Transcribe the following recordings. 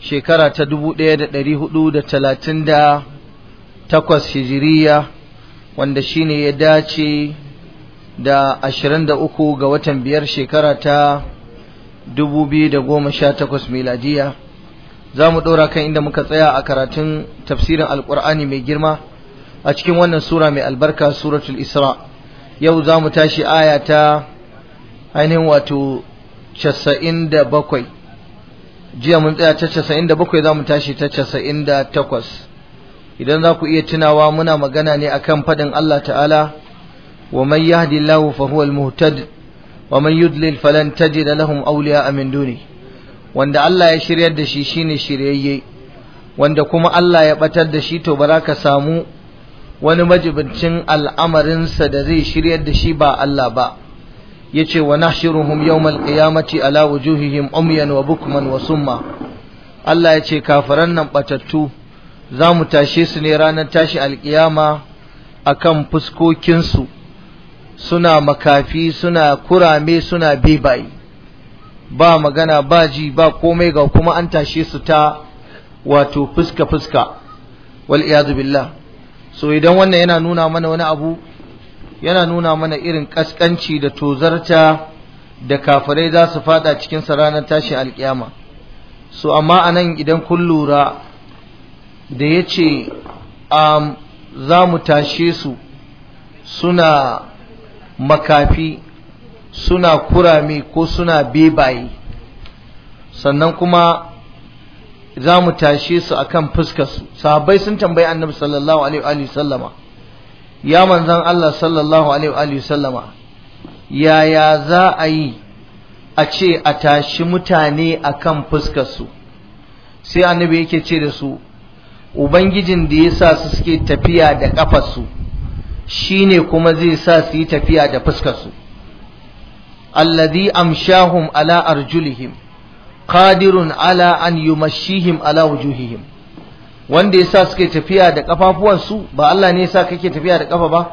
shekara ta dubu ɗaya da da da ɗari talatin takwas hijiriya wanda shine ya dace da ashirin da uku ga watan biyar shekara ta dubu biyu da goma sha takwas miladiya za mu ɗora kan inda muka tsaya a karatun tafsirin alƙur'ani mai girma a cikin wannan sura mai albarka suratul isra yau za mu tashi aya ta ainihin wato casa'in da bakwai. jiya mun tsaya ta casa'in da bakwai za mu tashi ta casa'in da takwas idan za ku iya tunawa muna magana ne akan faɗin Allah ta'ala wa man yahdi Allah fa huwa al-muhtad wa man yudlil falan tajid lahum awliya min duni wanda Allah ya shiryar da shi shine shiryayye wanda kuma Allah ya batar da shi to ba ka samu wani majibincin al'amarinsa da zai shiryar da shi ba Allah ba yace wa nahshuruhum yawmal qiyamati ala wujuhihim umyan wa bukman wa summa Allah yace kafaran nan batattu za mu tashe su ne ranar tashi alkiyama akan fuskokinsu suna makafi suna kurame suna bebaye ba magana ba ji ba komai ga kuma an tashe su ta wato fuska fuska wal billah so idan wannan yana nuna mana wani abu yana nuna mana irin kaskanci da tozarta da kafirai za su fada cikin ranar tashin alkiyama so amma anan idan kun lura da ya ce um, za mu tashe su suna makafi suna kurame ko suna bebaye sannan kuma za mu tashe su akan fuskarsu sahabbai sun tambayi annabi sallallahu alaihi wa sallama ya manzan Allah sallallahu alaihi wa sallama yaya za a yi a ce a tashi mutane a kan fuskarsu sai annabi yake ce da su ubangijin da ya sa su suke tafiya da ƙafarsu shi ne kuma zai sa su yi tafiya da fuskarsu alladhi amshahum ala arjulihim qadirun ala an yumashihim ala wujuhihim wanda ya sa suke tafiya da kafafuwansu ba Allah ne ya sa kake tafiya da kafa ba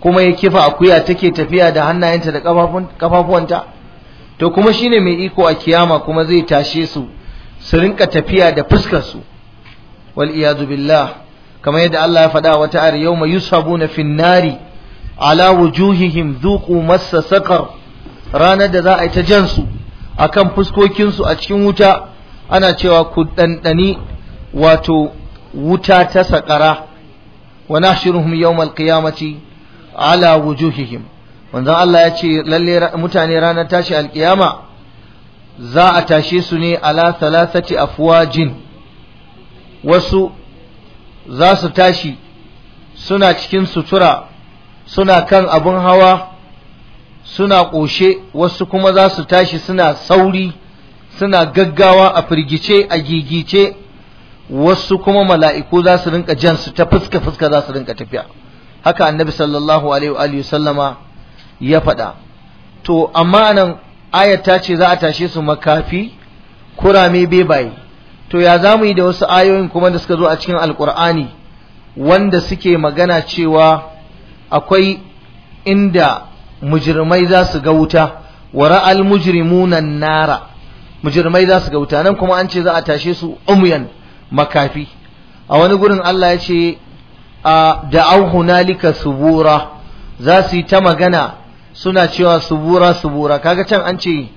kuma ya kifa akuya take tafiya da hannayenta da kafafuwanta to kuma shine mai iko a kiyama kuma zai tashe su su rinka tafiya da fuskar su wal iyadu billah kamar yadda Allah ya faɗa wata ayar yawma yusabuna fin nari ala wujuhihim dhuqu massa saqar ranar da za a yi ta jansu akan fuskokin su a cikin wuta ana cewa ku ɗanɗani wato wuta ta sakara wa nahshuruhum yawmal qiyamati ala wujuhihim Wanzan Allah ya ce lalle mutane ranar tashi alkiyama za a tashe su ne ala thalathati afwajin wasu za su tashi suna cikin sutura suna kan abin hawa suna ƙoshe wasu kuma za su tashi suna sauri suna gaggawa a firgice a gigice wasu kuma mala'iku za su rinka jan su ta fuska fuska za su rinka tafiya haka annabi sallallahu alaihi wa alihi sallama ya faɗa to amma nan ayat ta ce za a tashe su makafi kurame bebaye to ya zamu yi da wasu ayoyin kuma da suka zo a cikin alqur'ani wanda suke magana cewa akwai inda mujrimai za su ga wuta wa ra'al mujrimuna nara mujrimai za su ga wuta nan kuma an ce za a tashe su umyan makafi a wani gurin Allah ya ce a da'au hunalika subura za su yi ta magana suna cewa subura subura kaga can an ce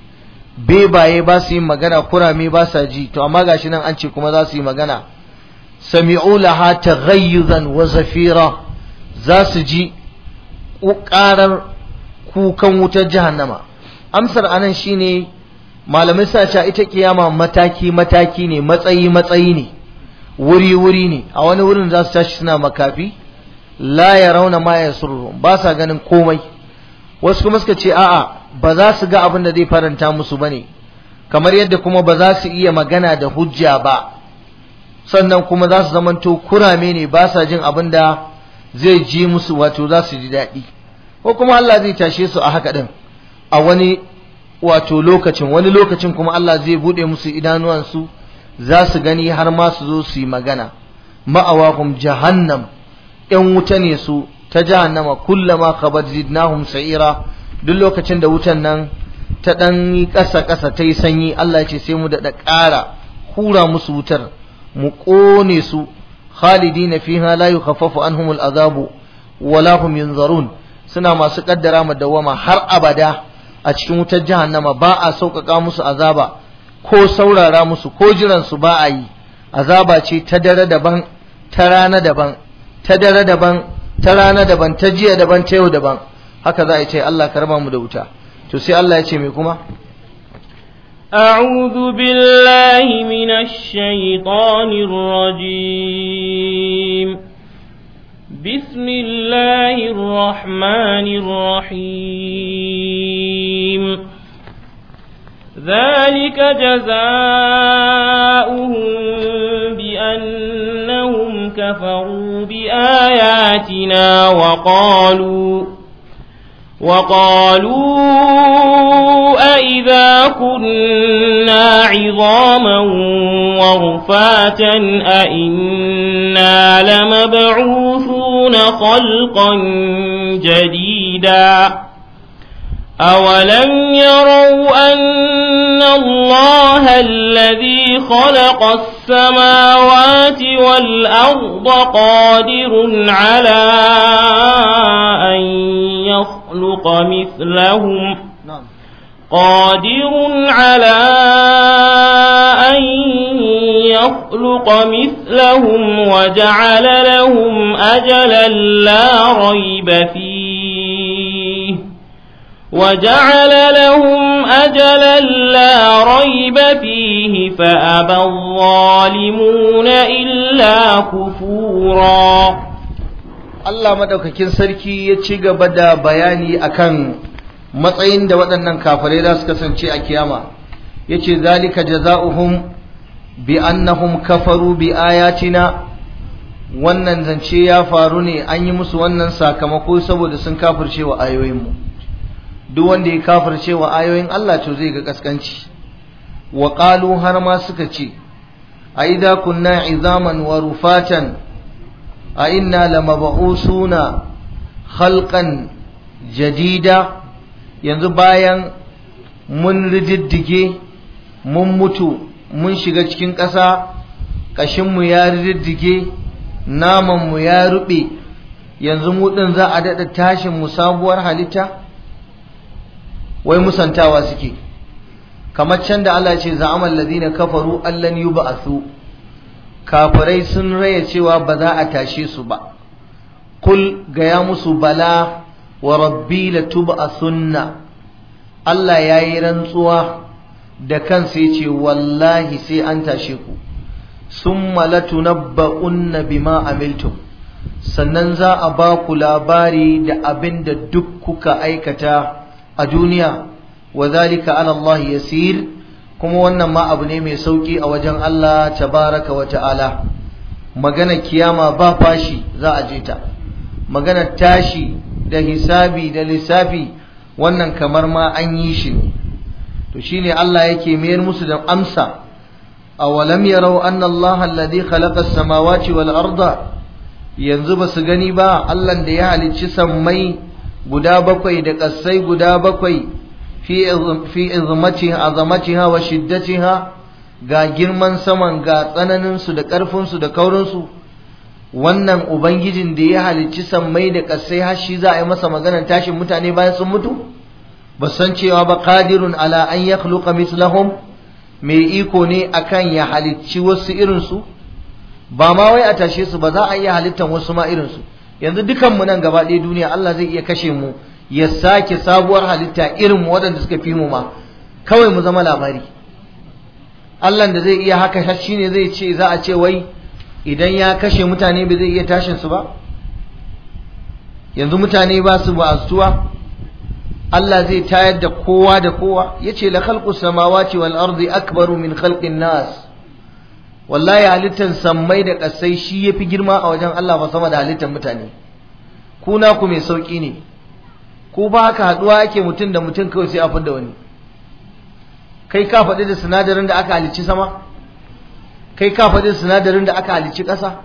bebaye ba su yi magana kurame ba sa ji to amma gashi nan an ce kuma za su yi magana sami'u laha taghayyuzan wa zafira za su ji ƙarar kukan wutar jahannama amsar anan shine malamai sa ita kiyama mataki mataki ne matsayi matsayi ne wuri wuri ne a wani wurin za su tashi suna makafi la ya rauna ma ya surru ba sa ganin komai wasu kuma suka ce a'a ba za su ga abin da zai faranta musu ba ne kamar yadda kuma ba za su iya magana da hujja ba sannan kuma za su zamanto kurame ne ba sa jin abin da zai ji musu wato za su ji daɗi ko kuma Allah zai tashe su a haka ɗin a wani wato lokacin wani lokacin kuma Allah zai buɗe musu idanuwansu za su gani har ma su zo su yi magana ma'awahum jahannam yan wuta ne su ta jahannama kullama khabat zidnahum sa'ira duk lokacin da wutan nan ta dan yi ƙasa ƙasa ta yi sanyi Allah ya ce sai mu da ƙara hura musu wutar mu ƙone su khalidina fiha la yukhaffafu anhum al'azabu wala hum yunzarun suna masu kaddara madawama har abada a cikin wutar jahannama ba a sauƙaƙa musu azaba ko saurara musu ko jiransu ba a yi azaba ce ta dare daban ta rana daban ta dare daban ta rana daban ta jiya daban ta yau daban haka za a ce Allah karba mu da wuta to sai Allah ya ce me kuma أعوذ بالله من الشيطان الرجيم بسم الله الرحمن الرحيم ذلك جزاؤهم بأنهم كفروا بآياتنا وقالوا وقالوا أئذا كنا عظاما ورفاتا أئنا لمبعوثون خلقا جديدا أولم يروا أن الله الذي خلق السماوات والأرض قادر على أن يخلق مثلهم نعم. قادر على أن يخلق مثلهم وجعل لهم أجلا لا ريب فيه وجعل لهم أجلا لا ريب فيه فأبى الظالمون إلا كفورا Allah madaukakin sarki ya ci gaba da bayani akan matsayin da waɗannan kafirai za su kasance a kiyama yace zalika jazaohum bi annahum kafaru bi ayatina wannan zance ya faru ne an yi musu wannan sakamako saboda sun kafurce wa ayoyinmu duk wanda ya kafirce wa ayoyin Allah to zai ga kaskanci wa qalu har ma suka ce a idza kunna izaman wa rufatan a inna lamab'usuna khalqan jadida yanzu bayan mun rididdige mun mutu mun shiga cikin ƙasa ƙashinmu ya rididdige namanmu ya ruɓe yanzu mu ɗin za a daɗa tashin mu sabuwar halitta wai musantawa suke kamar can da Allah ce za'amal ladina kafaru allan yub'athu kafirai sun raya cewa ba za a tashe su ba kul gaya musu bala wa rabbi latub'athunna Allah yayi rantsuwa da kansa ce wallahi sai an tashe ku summa latunabba'unna bima amiltum sannan za a ba ku labari da abin da duk kuka aikata a duniya wa zalika ala Allah yasir kuma wannan ma abu ne mai sauki a wajen Allah tabaraka wa ta'ala magana kiyama ba fashi za a je ta magana tashi da hisabi da lissafi wannan kamar ma an yi shi ne to shine Allah yake mayar musu da amsa awalam yarau anna Allah alladhi khalaqa as-samawati wal arda yanzu basu gani ba Allah da ya halicci sammai guda bakwai da ƙasai guda bakwai fi izmaciha azamaciha wa shiddaciha ga girman saman ga tsananinsu da ƙarfinsu da kaurinsu wannan ubangijin da ya halicci sammai da ƙasai har shi za a yi masa maganar tashin mutane bayan sun mutu ba san cewa ba qadirun ala an yakhluqa mislahum mai iko ne akan ya halicci wasu irinsu ba ma wai a tashe su ba za a iya halittan wasu ma irinsu yanzu dukanmu nan gaba ɗaya duniya Allah zai iya kashe mu ya sake sabuwar halitta irin mu waɗanda suka fi mu ma kawai mu zama labari Allah da zai iya haka shi ne zai ce za a ce wai idan ya kashe mutane ba zai iya tashin su ba yanzu mutane ba su ba'astuwa Allah zai tayar da kowa da kowa yace la khalqu samawati wal ardi akbaru min khalqin nas wallahi halittan sammai da kasai shi ya fi girma a wajen Allah ba sama da halittan mutane ku naku mai sauki ne ku ba haka haɗuwa ake mutum da mutum kawai sai a da wani kai ka faɗi da sinadarin da aka halicci sama kai ka faɗi da sinadarin da aka halicci ƙasa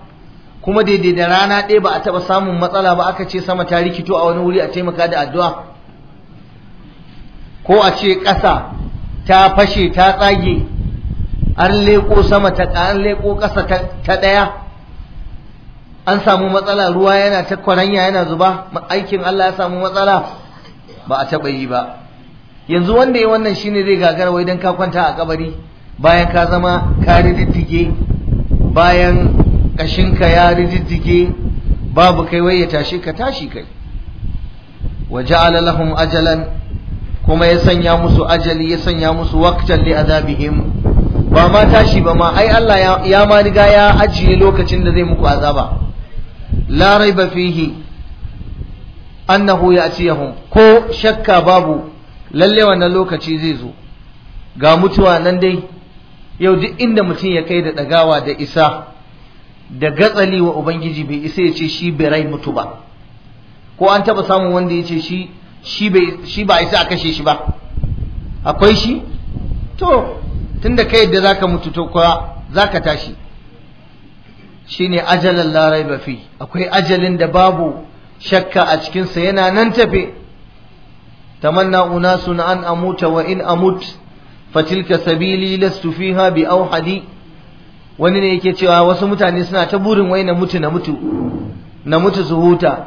kuma daidai da rana ɗaya ba a taɓa samun matsala ba aka ce sama ta rikito a wani wuri a taimaka da addu'a ko a ce ƙasa ta fashe ta tsage an leko sama ta an leko ƙasa ta ɗaya an samu matsala ruwa yana ta kwaranya yana zuba aikin Allah ya samu matsala ba a taɓa yi ba yanzu wanda ya wannan shine zai gagara wai dan ka kwanta a kabari bayan ka zama ka rididdige bayan ƙashinka ya rididdige babu kai wai ya tashi ka tashi kai wa ja'ala lahum ajalan kuma ya sanya musu ajali ya sanya musu waqtan li adabihim ba ma tashi ba ma ai Allah ya ma riga ya ajiye lokacin da zai muku azaba la raiba fihi annahu ya'tiyahum ko shakka babu lalle wannan lokaci zai zo ga mutuwa nan dai yau duk inda mutum ya kai da dagawa da isa da gatsali wa ubangiji bai isa ya ce shi bai rai mutu ba ko an taba samun wanda ya ce shi shi ba isa a kashe shi ba akwai shi to tunda kai yadda ka mutu to kuwa ka tashi shine ajalan la raiba fi akwai ajalin da babu shakka a cikin sa yana nan tafe tamanna unasun an amuta wa in amut fatilka sabili lastu fiha bi auhadi wani ne yake cewa wasu mutane suna ta burin wai na mutu na mutu na mutu su huta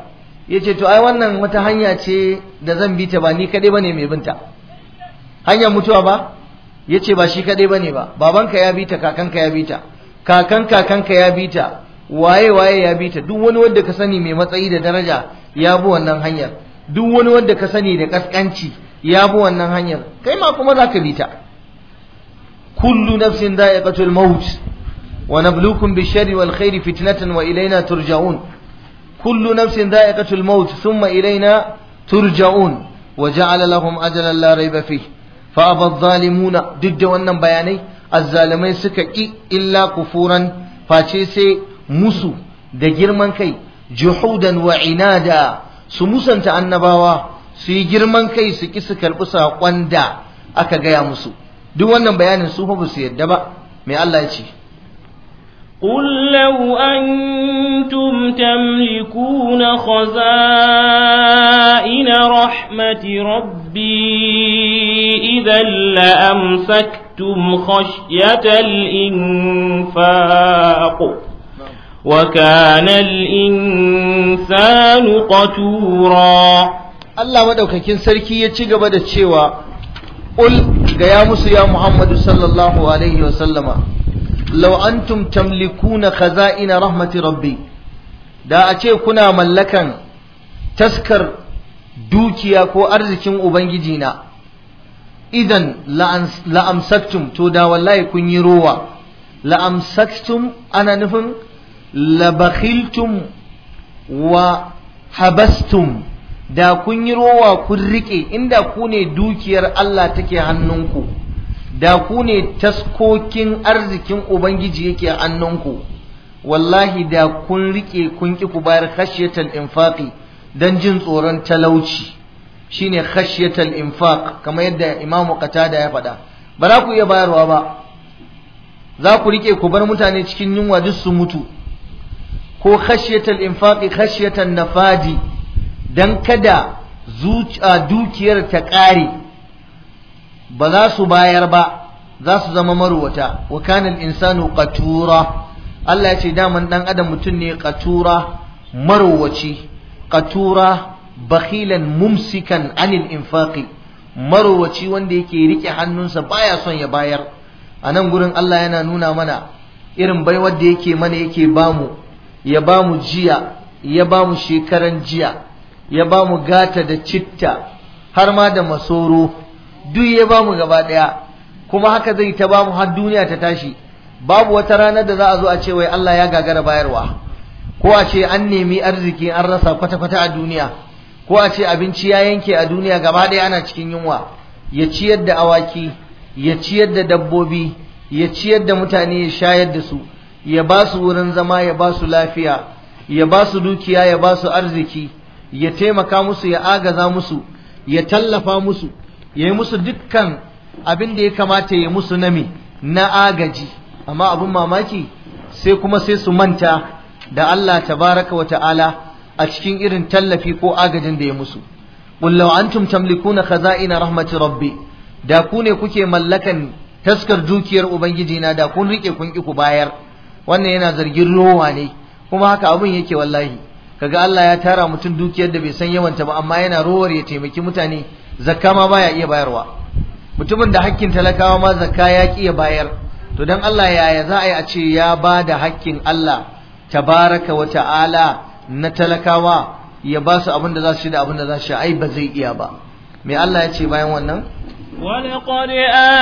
yace to ai wannan wata hanya ce da zan bi ta ba ni kadai bane mai binta hanyar mutuwa ba yace ba shi kaɗai ba ne ba babanka ya bita kakanka ya bita kakan kakanka ya bita waye waye ya bita duk wani wanda ka sani mai matsayi da daraja ya bi wannan hanyar duk wani wanda ka sani da kaskanci ya bi wannan hanyar kai ma kuma zaka bita kullu nafsin da'iqatul maut wa nabluukum bish-sharri wal khairi fitnatan wa ilayna turja'un kullu nafsin da'iqatul maut thumma ilayna turja'un wa ja'ala lahum ajalan la rayba fa abad zalimuna duk da wannan bayanai azzalimai suka ki illa kufuran face sai musu da girman kai juhudan wa inada su musanta annabawa su yi girman kai su ki su karɓi saƙon da aka gaya musu duk wannan bayanin su fa ba su yadda ba mai Allah ya ce قل لو أنتم تملكون خزائن رحمة ربي إذا لأمسكتم خشية الإنفاق وكان الإنسان قتورا الله مدوكاكين سركي يتشيق بدا تشيوا قل يا موسى يا محمد صلى الله عليه وسلم law antum tamlikuna khaza'ina rahmati rabbi da a ce kuna mallakan taskar dukiya ko arzikin ubangiji na idan la'amsaktum to da wallahi kun yi rowa la'amsaktum ana nufin labakhiltum wa habastum da kun yi rowa kun riƙe inda ku ne dukiyar Allah take hannunku da ku ne taskokin arzikin ubangiji yake a annanku wallahi da kun rike kun ki ku bayar khashyatal infaqi dan jin tsoron talauci shine khashyatal infaq kamar yadda Imam Qatada ya faɗa ba za ku iya bayarwa ba za ku rike ku bar mutane cikin yunwa duk su mutu ko khashyatal infaqi khashyatan nafadi dan kada zuciya dukiyar ta ƙare ba za su bayar ba za su zama maruwata wa kanal insanu qatura Allah ya ce daman dan adam mutum ne qatura maruwaci qatura bakhilan mumsikan anil infaqi maruwaci wanda yake rike hannunsa baya son ya bayar a nan gurin Allah yana nuna mana irin baiwar da yake mana yake bamu ya bamu jiya ya bamu shekaran jiya ya bamu gata da citta har ma da masoro duk ya bamu gaba ɗaya, kuma haka zai ta bamu har duniya ta tashi babu wata ranar da za a zo a ce wai Allah ya gagara bayarwa ko a ce an nemi arziki an rasa kwata-kwata a duniya ko a ce abinci ya yanke a duniya gaba ɗaya ana cikin yunwa ya ciyar da awaki ya ciyar da dabbobi ya ciyar da mutane ya shayar da su ya ba su wurin zama ya ba su lafiya ya ba su dukiya ya ba su arziki ya taimaka musu ya agaza musu ya tallafa musu ya yi musu dukkan abin da ya kamata ya musu nami na agaji amma abin mamaki sai kuma sai su manta da Allah Ta baraka wa ta'ala a cikin irin tallafi ko agajin da ya musu qul law antum kaza ina rahmati rabbi da ku ne kuke mallakan taskar dukiyar ubangiji na da kun rike kun ki ku bayar wannan yana zargin rowa ne kuma haka abin yake wallahi kaga Allah ya tara mutum dukiyar da bai san yawanta ba amma yana rowar ya taimaki mutane zakka ma baya iya bayarwa mutumin da hakkin talakawa ma zakka ya ki ya bayar to dan Allah yaya za a yi a ce ya ba da hakkin Allah tabaraka wa ta'ala na talakawa ya ba su abin da za su ci da abin da za su ci ai ba zai iya ba me Allah ya ce bayan wannan ولقد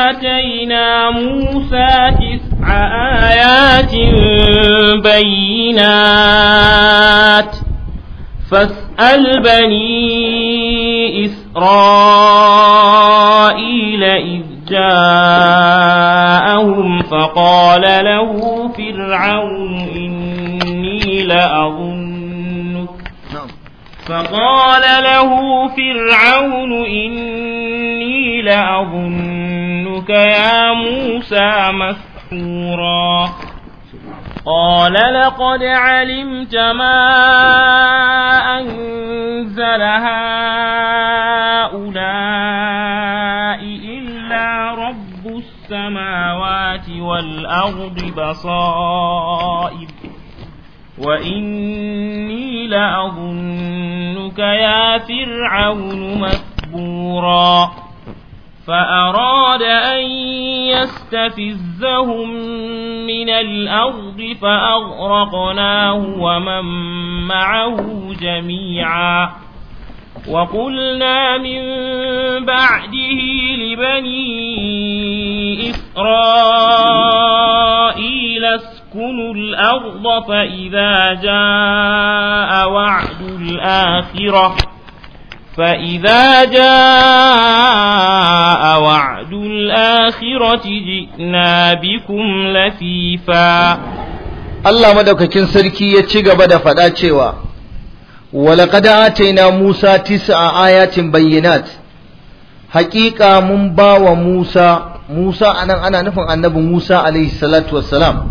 آتينا موسى تسع آيات بينات فاسأل بني إسرائيل إذ جاءهم فقال له فرعون إني لأظنك نعم. فقال له فرعون إني لأظنك يا موسى مسحورا قال لقد علمت ما أنزل هؤلاء إلا رب السماوات والأرض بصائب وإني لأظنك يا فرعون مثبورا فأراد أن يستفزهم من الأرض فأغرقناه ومن معه جميعا وقلنا من بعده لبني إسرائيل اسكنوا الأرض فإذا جاء وعد الآخرة فإذا جاء وعد الآخرة جئنا بكم لفيفا الله مدوككين سركي يتشيغ بدا فداتشيوا ولقد آتينا موسى تسع آيات بينات حقيقة من باو موسى موسى أنا أنا نفهم النبي موسى عليه الصلاة والسلام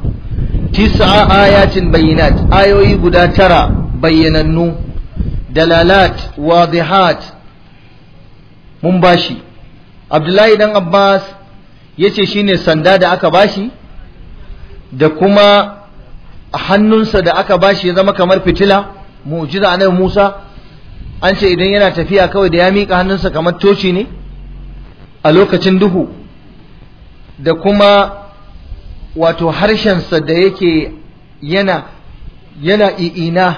تسع آيات بينات آيوي قدا ترى بيننو dalalat wadihat mun bashi abdullahi dan abbas ya ce shine sanda da aka bashi da kuma hannunsa da aka bashi ya zama kamar fitila mu'jiza annabi Musa an ce idan yana tafiya kawai da ya mika hannunsa kamar toci ne a lokacin duhu da kuma wato harshensa da yake yana yana i'ina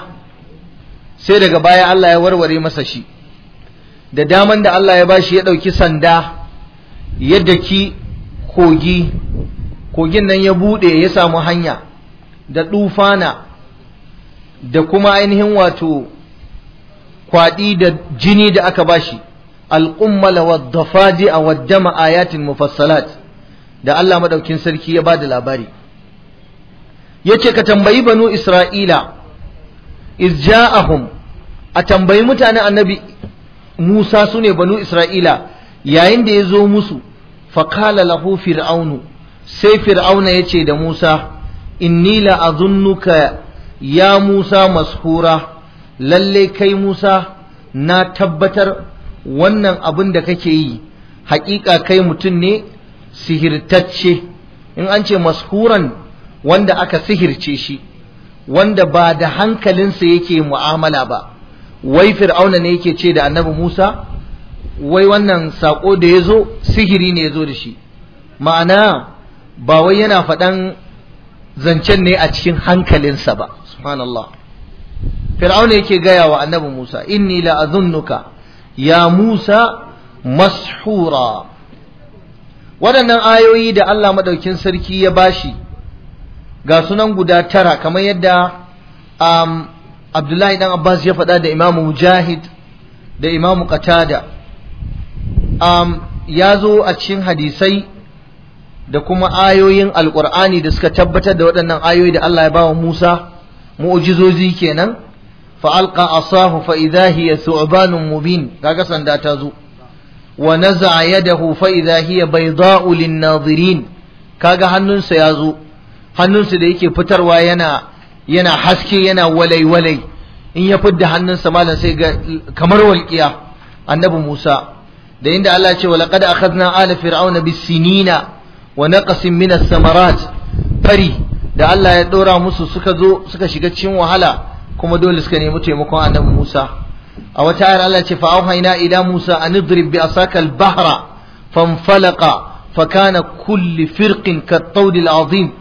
sai daga baya Allah ya warware masa shi da daman da Allah ya bashi ya ɗauki sanda ya ki kogi kogin nan ya buɗe ya samu hanya da ɗufana da kuma ainihin wato kwaɗi da jini da aka bashi al'ummala wa dafadi a waddama ayatin mufassalat da Allah maɗaukin sarki ya ba da labari ya ce ka tambayi banu Isra'ila iz a tambayi mutanen annabi Musa su ne banu Isra'ila yayin da ya zo musu faƙala lahu fir'aunu sai fir'auna ya ce da Musa inni la azunnuka ya Musa mashura lalle kai Musa na tabbatar wannan abin da kake yi haƙiƙa kai mutum ne sihirtacce in an ce mashuran wanda aka sihirce shi wanda ba da hankalinsa yake mu'amala ba wai fir'auna ne yake ce da annabi Musa wai wannan sako da ya zo sihiri ne ya zo da shi ma'ana ba wai yana faɗan zancen ne a cikin hankalinsa ba subhanallah fir'auna yake gaya wa annabi Musa inni la azunnuka ya Musa mashura waɗannan ayoyi da Allah maɗaukin sarki ya bashi ga sunan guda tara kamar yadda um, abdullahi dan abbas ya faɗa da imamu mujahid da imamu qatada um, ya zo a cikin hadisai da kuma ayoyin Alƙur'ani da suka tabbatar da waɗannan ayoyi da Allah ya wa Musa mu'jizozi kenan fa alqa asahu fa idha hiya su'banun mubin kaga sanda ta zo wa naza'a yadahu fa idha hiya kaga hannunsa ya zo Hannunsu da yake fitarwa yana yana haske yana walai walai in ya fidda hannunsa malam sai ga kamar walƙiya annabi Musa da inda Allah ce a akhadna ala fir'auna bisinina wa naqasin min as-samarat fari da Allah ya dora musu suka zo suka shiga cikin wahala kuma dole suka nemi taimakon annabi Musa a wata ayar Allah ce fa auhayna ila Musa an idrib bi asakal bahra fanfalaqa fa kana kulli firqin kat-tawd al-azim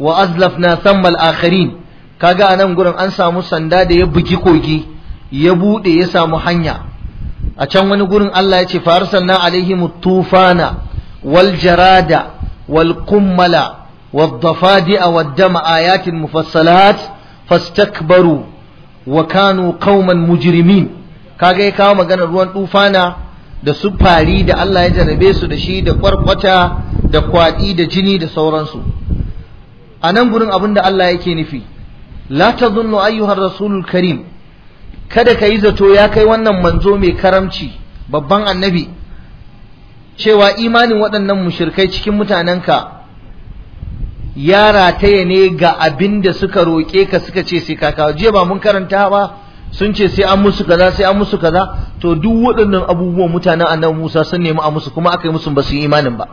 wa azlafna sammal al-akharin kaga anan gurin an samu sanda da ya bugi kogi ya bude ya samu hanya a can wani gurin Allah ya ce farsanna alaihi tufana wal jarada wal kummala wad dafadi'a a dama ayatin mufassalat fastakbaru wa kanu qauman mujrimin kaga ya kawo maganar ruwan tufana da su fari da Allah ya jarabe su da shi da kwarkwata da kwaɗi da jini da sauransu a nan gurin abin da Allah yake nufi la zunnu ayyuhar rasulul karim kada ka yi zato ya kai wannan manzo mai karamci babban annabi cewa imanin waɗannan mushirkai cikin mutanenka ya rataye ne ga abin da suka roƙe ka suka ce sai kakawa, jiya ba mun karanta ba sun ce sai an musu kaza sai an musu kaza to duk waɗannan abubuwan mutanen annabi Musa sun nemi a musu kuma aka yi musu ba su yi imanin ba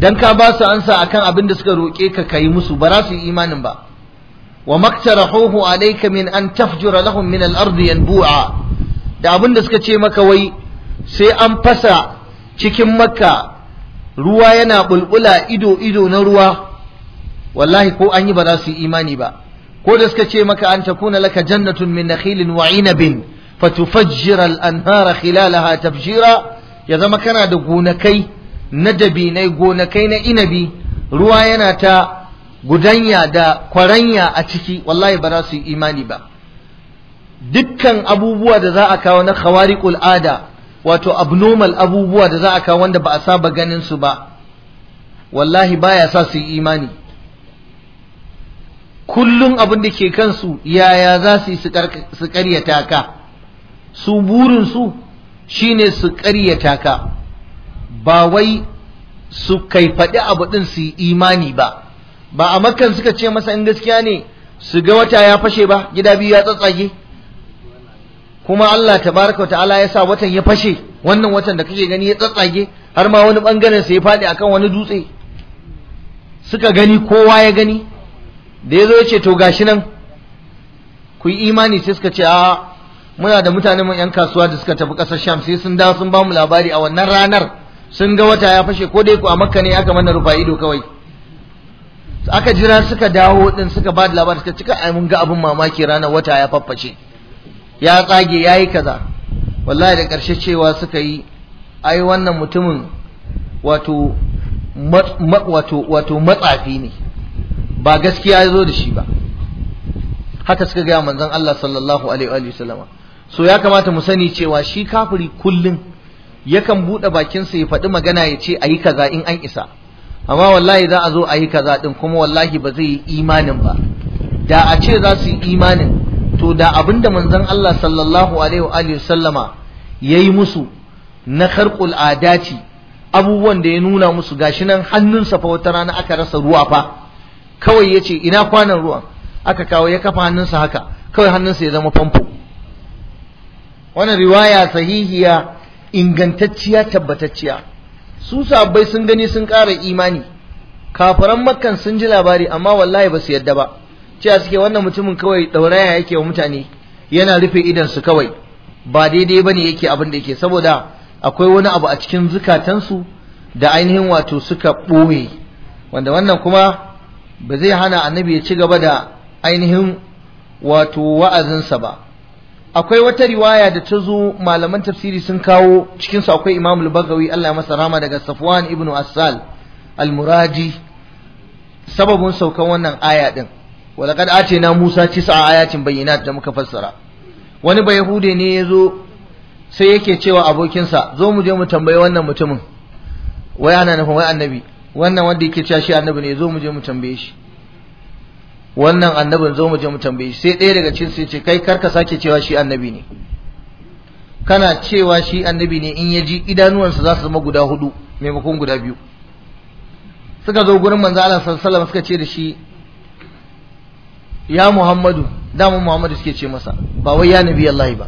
dan ka ba su ansa akan abin da suka roƙe ka kai musu ba za su yi imanin ba wa maktarahuhu alayka min an tafjura lahum min al-ard yanbu'a da abin da suka ce maka wai sai an fasa cikin makka ruwa yana bulbula ido ido na ruwa wallahi ko an yi ba za su yi imani ba ko da suka ce maka an takuna laka jannatun min nakhilin wa inabin fatufajjira al-anhara khilalaha tafjira ya zama kana da gonakai na dabinai gonakai na inabi ruwa yana ta gudanya da kwaranya a ciki wallahi ba za su yi imani ba dukkan abubuwa da za a kawo na khawariqul ada wato abnormal abubuwa da za a kawo wanda ba a saba ganin su ba wallahi baya sa su yi imani kullum abin da ke kansu yaya za su yi su karyata ka su burinsu shine su karyata ka ba wai su kai faɗi abu ɗin su yi imani ba ba a makan suka ce masa in gaskiya ne su ga wata ya fashe ba gida biyu ya tsatsage kuma Allah tabaraka ta'ala ya sa watan ya fashe wannan watan da kake gani ya tsatsage har ma wani bangaren sa ya faɗi akan wani dutse suka gani kowa ya gani da ya zo ya ce to gashi nan ku yi imani sai suka ce a muna da mutanen mu yan kasuwa da suka tafi ƙasar Sham sai sun dawo sun ba mu labari a wannan ranar sun ga wata ya fashe ko dai ku a makka ne aka manna rufa ido kawai aka jira suka dawo din suka ba da labari suka cika ai mun ga abin mamaki ranar wata ya faffashe ya tsage ya yi kaza wallahi da ƙarshe cewa suka yi ai wannan mutumin wato wato wato matsafi ne ba gaskiya ya zo da shi ba haka suka gaya manzon Allah sallallahu alaihi wa sallama so ya kamata mu sani cewa shi kafiri kullum yakan buɗe bakinsa ya faɗi magana ya ce a yi kaza in an isa amma wallahi za a zo a yi kaza ɗin kuma wallahi ba zai yi imanin ba da a ce za su yi imanin to da abinda da manzon Allah sallallahu alaihi wa sallama ya yi musu na kharqul adati abubuwan da ya nuna musu gashi nan hannunsa fa wata rana aka rasa ruwa fa kawai ya ce ina kwanan ruwan aka kawo ya kafa hannunsa haka kawai hannunsa ya zama famfo wannan riwaya sahihiya ingantacciya tabbatacciya su sabbai sun gani sun ƙara imani kafiran makkan sun ji labari amma wallahi ba su yadda ba cewa suke wannan mutumin kawai ɗauraya yake wa mutane yana rufe idan su kawai ba daidai ba ne yake abin da yake saboda akwai wani abu a cikin zukatansu da ainihin wato suka ɓoye wanda wannan kuma ba zai hana annabi ya ci gaba da ainihin wato wa'azinsa ba akwai wata riwaya da ta zo malaman tafsiri sun kawo cikinsu akwai imam al-bagawi Allah masa rama daga safwan ibn asal al-muraji sababin saukan wannan aya din walaqad atina musa tis'a ayatin bayyinat da muka fassara wani bayahude ne ya zo sai yake cewa abokinsa zo mu je mu tambayi wannan mutumin wai ana nufin wai annabi wannan wanda yake cewa shi annabi ne zo mu je mu tambaye shi wannan annabin zo mu je mu tambaye sai ɗaya daga cikin sai ce kai kar ka sake cewa shi annabi ne kana cewa shi annabi ne in ya ji idanuwansa za su zama guda hudu maimakon guda biyu suka zo gurin manzo Allah sallallahu suka ce da shi ya Muhammadu dama Muhammadu suke ce masa ba wai ya nabi Allah ba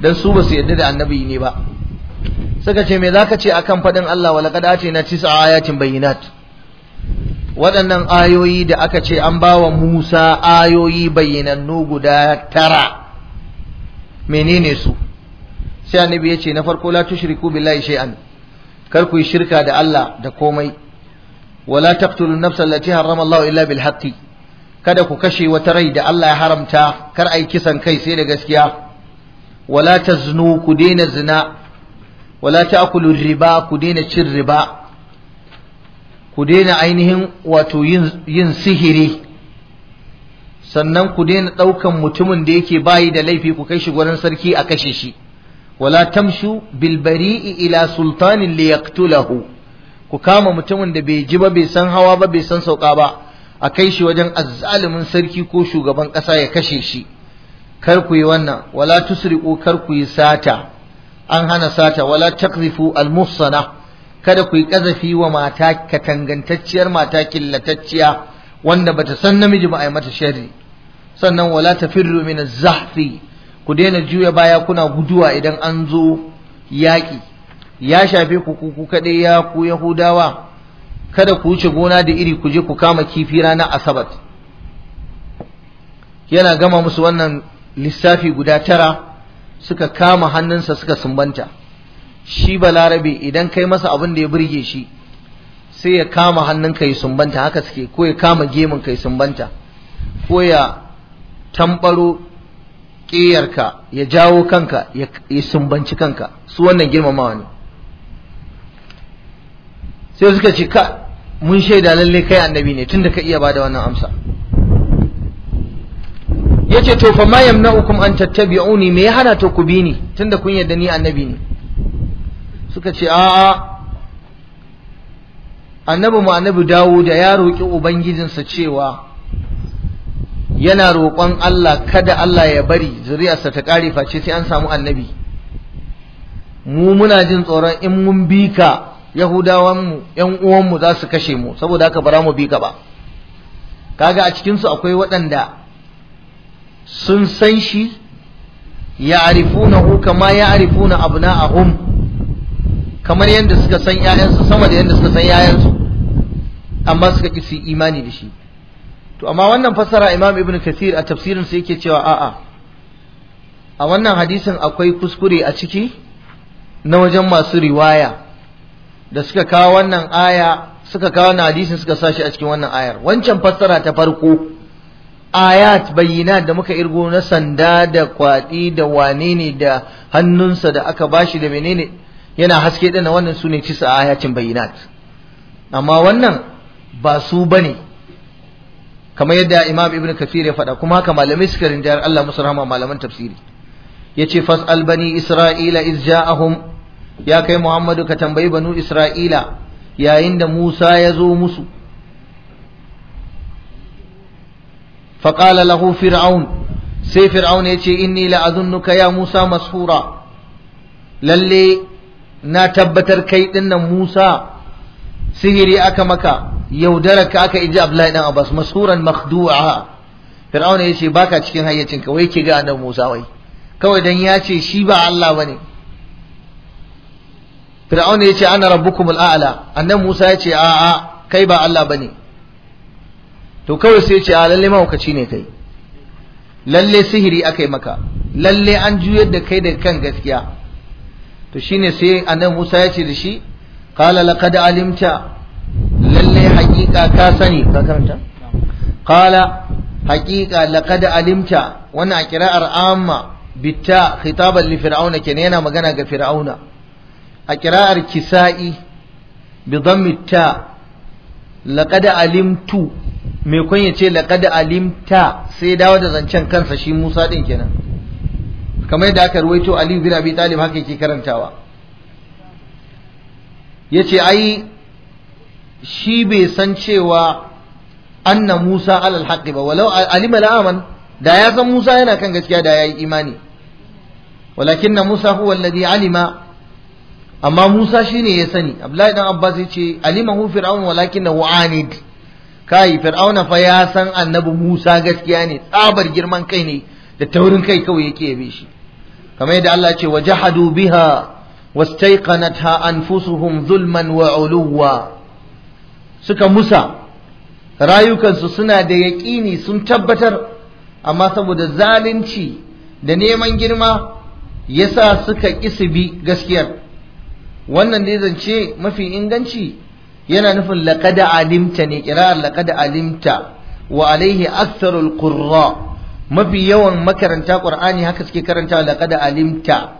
dan su ba su yarda da annabi ne ba suka ce me zaka ce akan fadin Allah wa laqad atina tis'a ayatin bayyinat waɗannan ayoyi da aka ce an ba wa Musa ayoyi bayyanannu guda tara menene su sai annabi ya ce na farko la tushriku billahi shay'an kar ku yi shirka da Allah da komai wala taqtulu nafsa allati harrama Allah illa bil haqqi kada ku kashe wata rai da Allah ya haramta kar ai kisan kai sai da gaskiya wala taznu ku daina zina wala ta'kulu riba ku daina cin riba ku daina ainihin wato yin sihiri sannan ku daina ɗaukan mutumin da yake bayi da laifi ku kai shi gurin sarki a kashe shi wala tamshu bilbarii, ila sultanin li yaqtulahu ku kama mutumin da bai ji ba bai san hawa ba bai san sauka ba a kai shi wajen azzalimin sarki ko shugaban ƙasa ya kashe shi kar ku yi wannan wala tusriqu kar ku yi sata an hana sata wala takrifu al muhsana kada ku yi ƙazafi wa mata katangantacciyar mata killatacciya wanda bata san namiji ba a yi mata sharri sannan wala tafirru min zahfi ku daina juya baya kuna guduwa idan an zo yaƙi ya shafe ku ku kaɗai ya ku yahudawa kada ku wuce gona da iri ku je ku kama kifi rana asabar yana gama musu wannan lissafi guda tara suka kama hannunsa suka sumbanta shi balarabe idan kai masa abin da ya burge shi sai ya kama hannun kai sumbanta haka suke ko ya kama gemun kai sumbanta ko ya tambaro ƙiyarka ya jawo kanka ya sumbanci kanka su wannan girmamawa ne sai suka ce ka mun shaida lalle kai annabi ne tunda ka iya bada wannan amsa yace to fa ma yamna'ukum an tattabi'uni me ya hana ta ku bi ni tunda kun yarda ni annabi ne suka ce a'a annabi mu annabi dawo da ya roƙi ubangijinsa cewa yana roƙon Allah kada Allah ya bari zuriyarsa ta ƙare face sai an samu annabi mu muna jin tsoron in mun bi ka mu yan uwanmu za su kashe mu saboda haka bara mu bi ka ba kaga a cikin su akwai waɗanda sun san shi ya arifuna kama ya arifuna abna'ahum kamar yadda suka san ‘ya'yansu sama da yadda suka san ‘ya'yansu amma suka ƙi su imani da shi to amma wannan fassara imam ibn kathir a tafsirinsa yake cewa a'a a wannan hadisin akwai kuskure a ciki na wajen masu riwaya da suka kawo wannan aya suka kawo wannan hadisin suka sa shi a cikin wannan ayar wancan fassara ta farko ayat bayyana da muka irgo na sanda da kwaɗi da wane ne da hannunsa da aka bashi da menene yana haske din wannan su ne tisa ayatin bayinat amma wannan ba su bane kamar yadda imam ibn kafir ya faɗa kuma haka malamai suka rinjayar Allah musu rahama malaman tafsiri yace fas'al bani isra'ila iz ja'ahum ya kai muhammadu ka tambayi banu isra'ila yayin da musa ya zo musu faƙala lahu fir'aun sai fir'aun ya ce inni la'azunnuka ya musa mashura lalle na tabbatar kai dinnan Musa sihiri aka maka yaudaraka aka inji Abdullahi dan Abbas masuran makhdu'a Fir'auna yace baka cikin hayyacinka wai ki ga annabi Musa wai kawai dan ya ce shi ba Allah bane Fir'auna yace ana rabbukumul a'la annabi Musa yace a a kai ba Allah bane to kawai sai yace a lalle mahaukaci ne kai lalle sihiri aka yi maka lalle an juyar da kai da kan gaskiya to shine sai annabi Musa ya ce da shi qala laqad alimta lalle haƙiƙa ka sani ka karanta qala haqiqa laqad alimta wannan a kira'ar amma bitta khitaban li fir'auna kenan yana magana ga fir'auna a kira'ar kisa'i bi dhammi ta laqad alimtu me kun yace laqad alimta sai dawo da zancen kansa shi Musa din kenan kamar da aka ruwaito Aliyu bin Abi Talib haka yake karantawa yace ai shi bai san cewa anna Musa alal haqqi ba walau Ali la'aman da ya san Musa yana kan gaskiya da yayi imani walakinna Musa huwa alladhi alima amma Musa shine ya sani Abdullahi dan Abbas yace hu fir'aun walakinahu anid kai fir'auna fa ya san annabi Musa gaskiya ne tsabar girman kai ne da taurin kai kawai yake yabe shi kamar yadda Allah ce wa jahadu biha wastaiqanatha anfusuhum zulman wa uluwa suka musa rayukansu suna da yaƙini sun tabbatar amma saboda zalunci da neman girma yasa suka ƙi bi gaskiyar wannan ne zance mafi inganci yana nufin laqad alimta ne kira laqad alimta wa alaihi aktharul qurra mafi yawan makaranta qur'ani haka suke karanta da alimta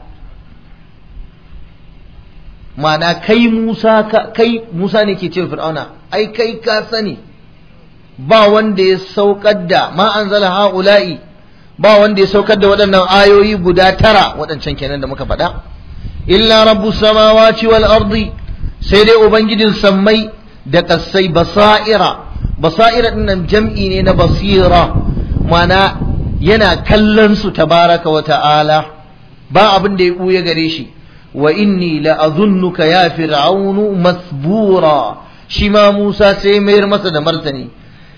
ma'ana kai Musa kai Musa ne ke ce fir'auna ai kai ka sani ba wanda ya saukar da ma zala haula'i ba wanda ya saukar da waɗannan ayoyi guda tara waɗancan kenan da muka faɗa illa samawa samawati wal ardi sai dai ubangijin sammai da kasai basaira basaira ɗin nan jam'i ne na basira mana yana kallon su tabaraka wa ta'ala ba abin da ya buya gare shi wa inni la ya fir'aunu masbura shi ma Musa sai mayar masa da martani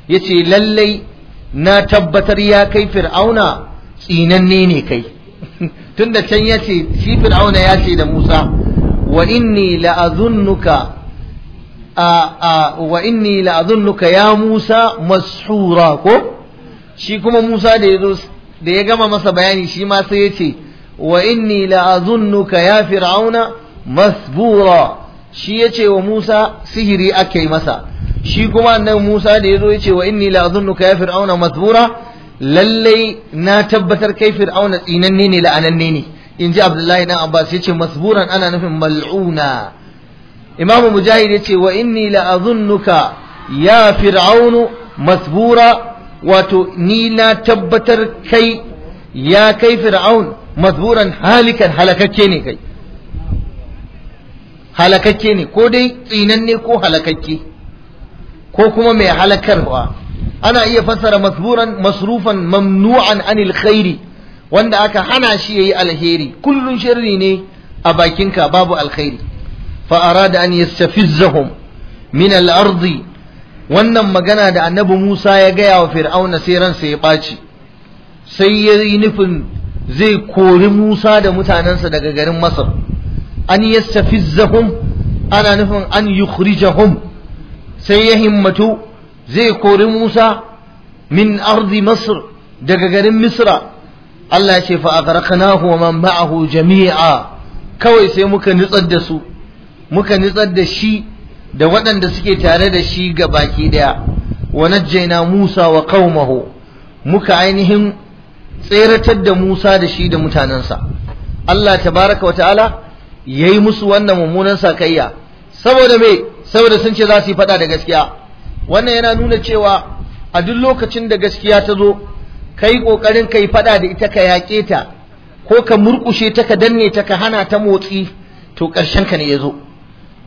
yace lallai na tabbatar ya kai fir'auna tsinanne ne kai tunda can yace shi fir'auna ya ce da Musa wa inni la azunnuka a wa inni la ya Musa mashura ko shi kuma Musa da yazo da ya gama masa bayani shi ma sai ya ce wa inni la'azunnuka ya fir'auna masbura shi ya ce wa Musa sihiri aka masa shi kuma nan Musa da ya zo ya ce wa inni la'azunnuka ya fir'auna masbura lallai na tabbatar kai fir'auna tsinanne ne la'ananne ne in ji Abdullahi dan Abbas ya ce masburan ana nufin mal'una Imam Mujahid ya ce wa inni la'azunnuka ya fir'aunu masbura wato ni na tabbatar kai ya kai fir'aun mazburan halikan halakakke ne kai halakakke ne ko dai tsinanne ko halakakke ko kuma mai halakarwa ana iya fassara masburan masrufan mamnu'an anil khairi wanda aka hana shi yayi alheri kullun sharri ne a bakinka babu alkhairi fa arada an yastafizahum min al-ardi wannan magana da annabi Musa ya gaya wa fir'auna sai ransa ya ɓaci sai ya yi nufin zai kori Musa da mutanensa daga garin Masar an yastafizzahum ana nufin an yukhrijahum sai ya himmatu zai kori Musa min ardi Masar daga garin Misra Allah ya ce fa aghraqnahu wa man ma'ahu jami'a kawai sai muka nitsar da su muka nitsar da shi da waɗanda suke tare da shi ga baki ɗaya wa najjaina Musa wa qaumahu muka ainihin tseratar da Musa da shi da mutanansa. Allah tabaraka wa ta'ala yayi musu wannan mummunan sakayya saboda me saboda sun ce za su yi faɗa da gaskiya wannan yana nuna cewa a duk lokacin da gaskiya ta zo kai ƙoƙarin kai faɗa da ita ka yaƙe ta ko ka murƙushe ta ka danne ta ka hana ta motsi to ƙarshen ka ne ya zo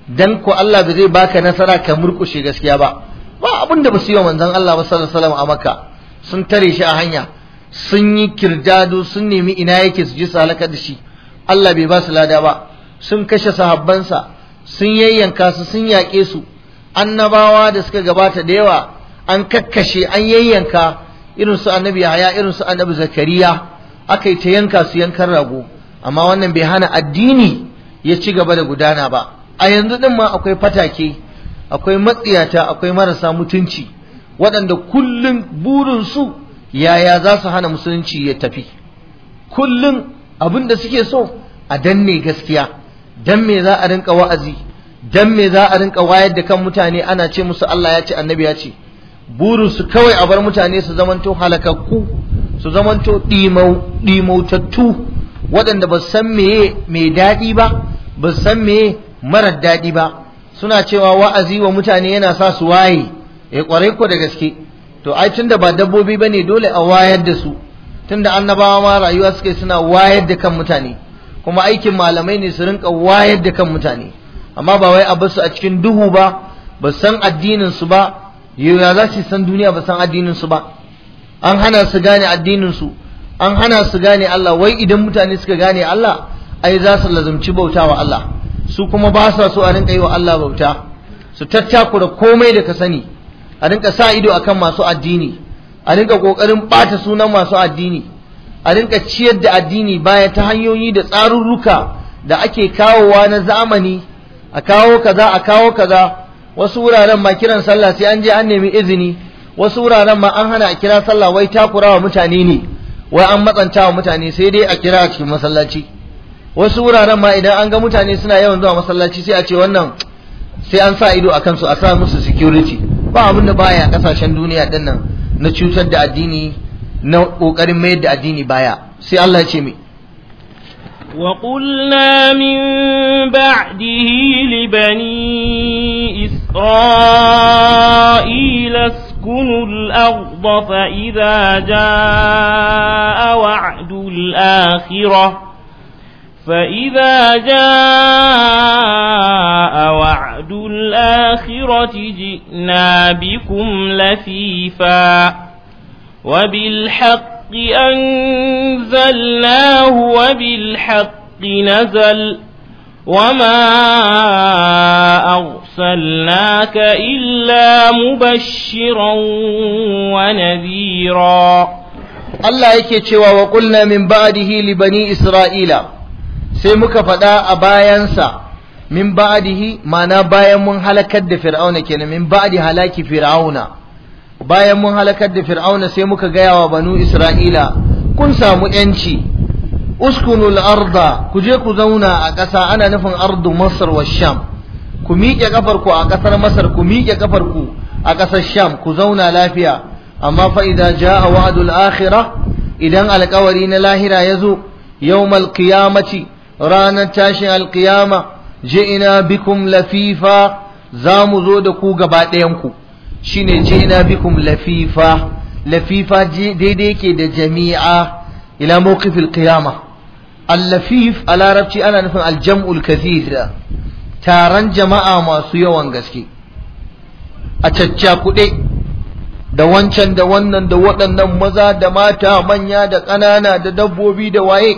dan ko Allah ba zai baka nasara ka murkushe gaskiya ba ba abin da basu yi wa manzon Allah ba sallallahu alaihi a Makka sun tare shi a hanya sun yi kirjado sun nemi ina yake su ji salaka da shi Allah bai ba su lada ba sun kashe sahabbansa sun yayyanka su sun yaƙe su annabawa da suka gabata da yawa an kakkashe an yayyanka irin su annabi Yahaya irin su annabi Zakariya akai ta yanka su yankan rago amma wannan bai hana addini ya ci gaba da gudana ba a yanzu din ma akwai fatake akwai matsiyata akwai marasa mutunci waɗanda kullum burinsu yaya za su hana musulunci ya tafi kullum abin da suke so a danne gaskiya dan me za a rinka wa'azi dan me za a rinka wayar da kan mutane ana ce musu Allah ya ce annabi ya ce burinsu kawai a bar mutane su zamanto halakakku su zamanto ɗimautattu waɗanda ba san meye mai daɗi ba ba san meye marar daɗi ba suna cewa wa'azi wa mutane yana sa su waye ya eh, ƙwarai ko da gaske to ai tun da ba dabbobi ba ne dole a wayar da su tun tunda annabawa ma rayuwa suke suna wayar da kan mutane kuma aikin malamai ne su rinka wayar da kan mutane amma ba wai a basu a cikin duhu ba ba san addinin ba Yaya za su san duniya ba san addinin su ba an hana su gane addinin an hana su gane Allah wai idan mutane suka gane Allah ai za su lazumci bautawa Allah su kuma ba sa so a rinka yi wa Allah bauta su tattakura komai da ka sani a rinka sa ido akan masu addini a rinka kokarin bata sunan masu addini a rinka ciyar da addini baya ta hanyoyi da tsarurruka da ake kawowa na zamani a kawo kaza a kawo kaza wasu wuraren ma kiran sallah sai an je an nemi izini wasu wuraren ma an hana a kira sallah wai takurawa mutane ne wai an matsanta wa mutane sai dai a kira a cikin masallaci wasu wuraren ma idan an ga mutane suna yawan zuwa masallaci sai a ce wannan sai an sa ido a kansu a sa musu security ba abin da baya a kasashen duniya din nan na cutar da addini na kokarin mayar da addini baya sai Allah ya ce mi وقلنا ba'dihi li لبني إسرائيل اسكنوا الأرض فإذا جاء وعد الآخرة فإذا جاء وعد الآخرة جئنا بكم لفيفا وبالحق أنزلناه وبالحق نزل وما أرسلناك إلا مبشرا ونذيرا الله يكي وقلنا من بعده لبني إسرائيل sai muka faɗa a bayansa min ba'adihi ma'ana bayan mun halakar da fir'auna kenan min ba'di halaki fir'auna bayan mun halakar da fir'auna sai muka gaya wa banu isra'ila kun samu yanci uskunul arda ku je ku zauna a ƙasa ana nufin ardu masar wa sham ku miƙe kafar ku a ƙasar masar ku miƙe kafar ku a ƙasar sham ku zauna lafiya amma fa idza jaa wa'dul akhirah idan alƙawari na lahira yazo yawmal qiyamati ranar tashin alkiyama ji'ina bikum lafifa za mu zo da ku gaba ɗayanku shine ji'ina bikum lafifa lafifa daidai yake da jami'a ila mawqifil qiyama al-lafif a larabci ana nufin al-jam'ul kathir taron jama'a masu yawan gaske a kuɗe. da wancan da wannan da waɗannan maza da mata manya da ƙanana da dabbobi da waye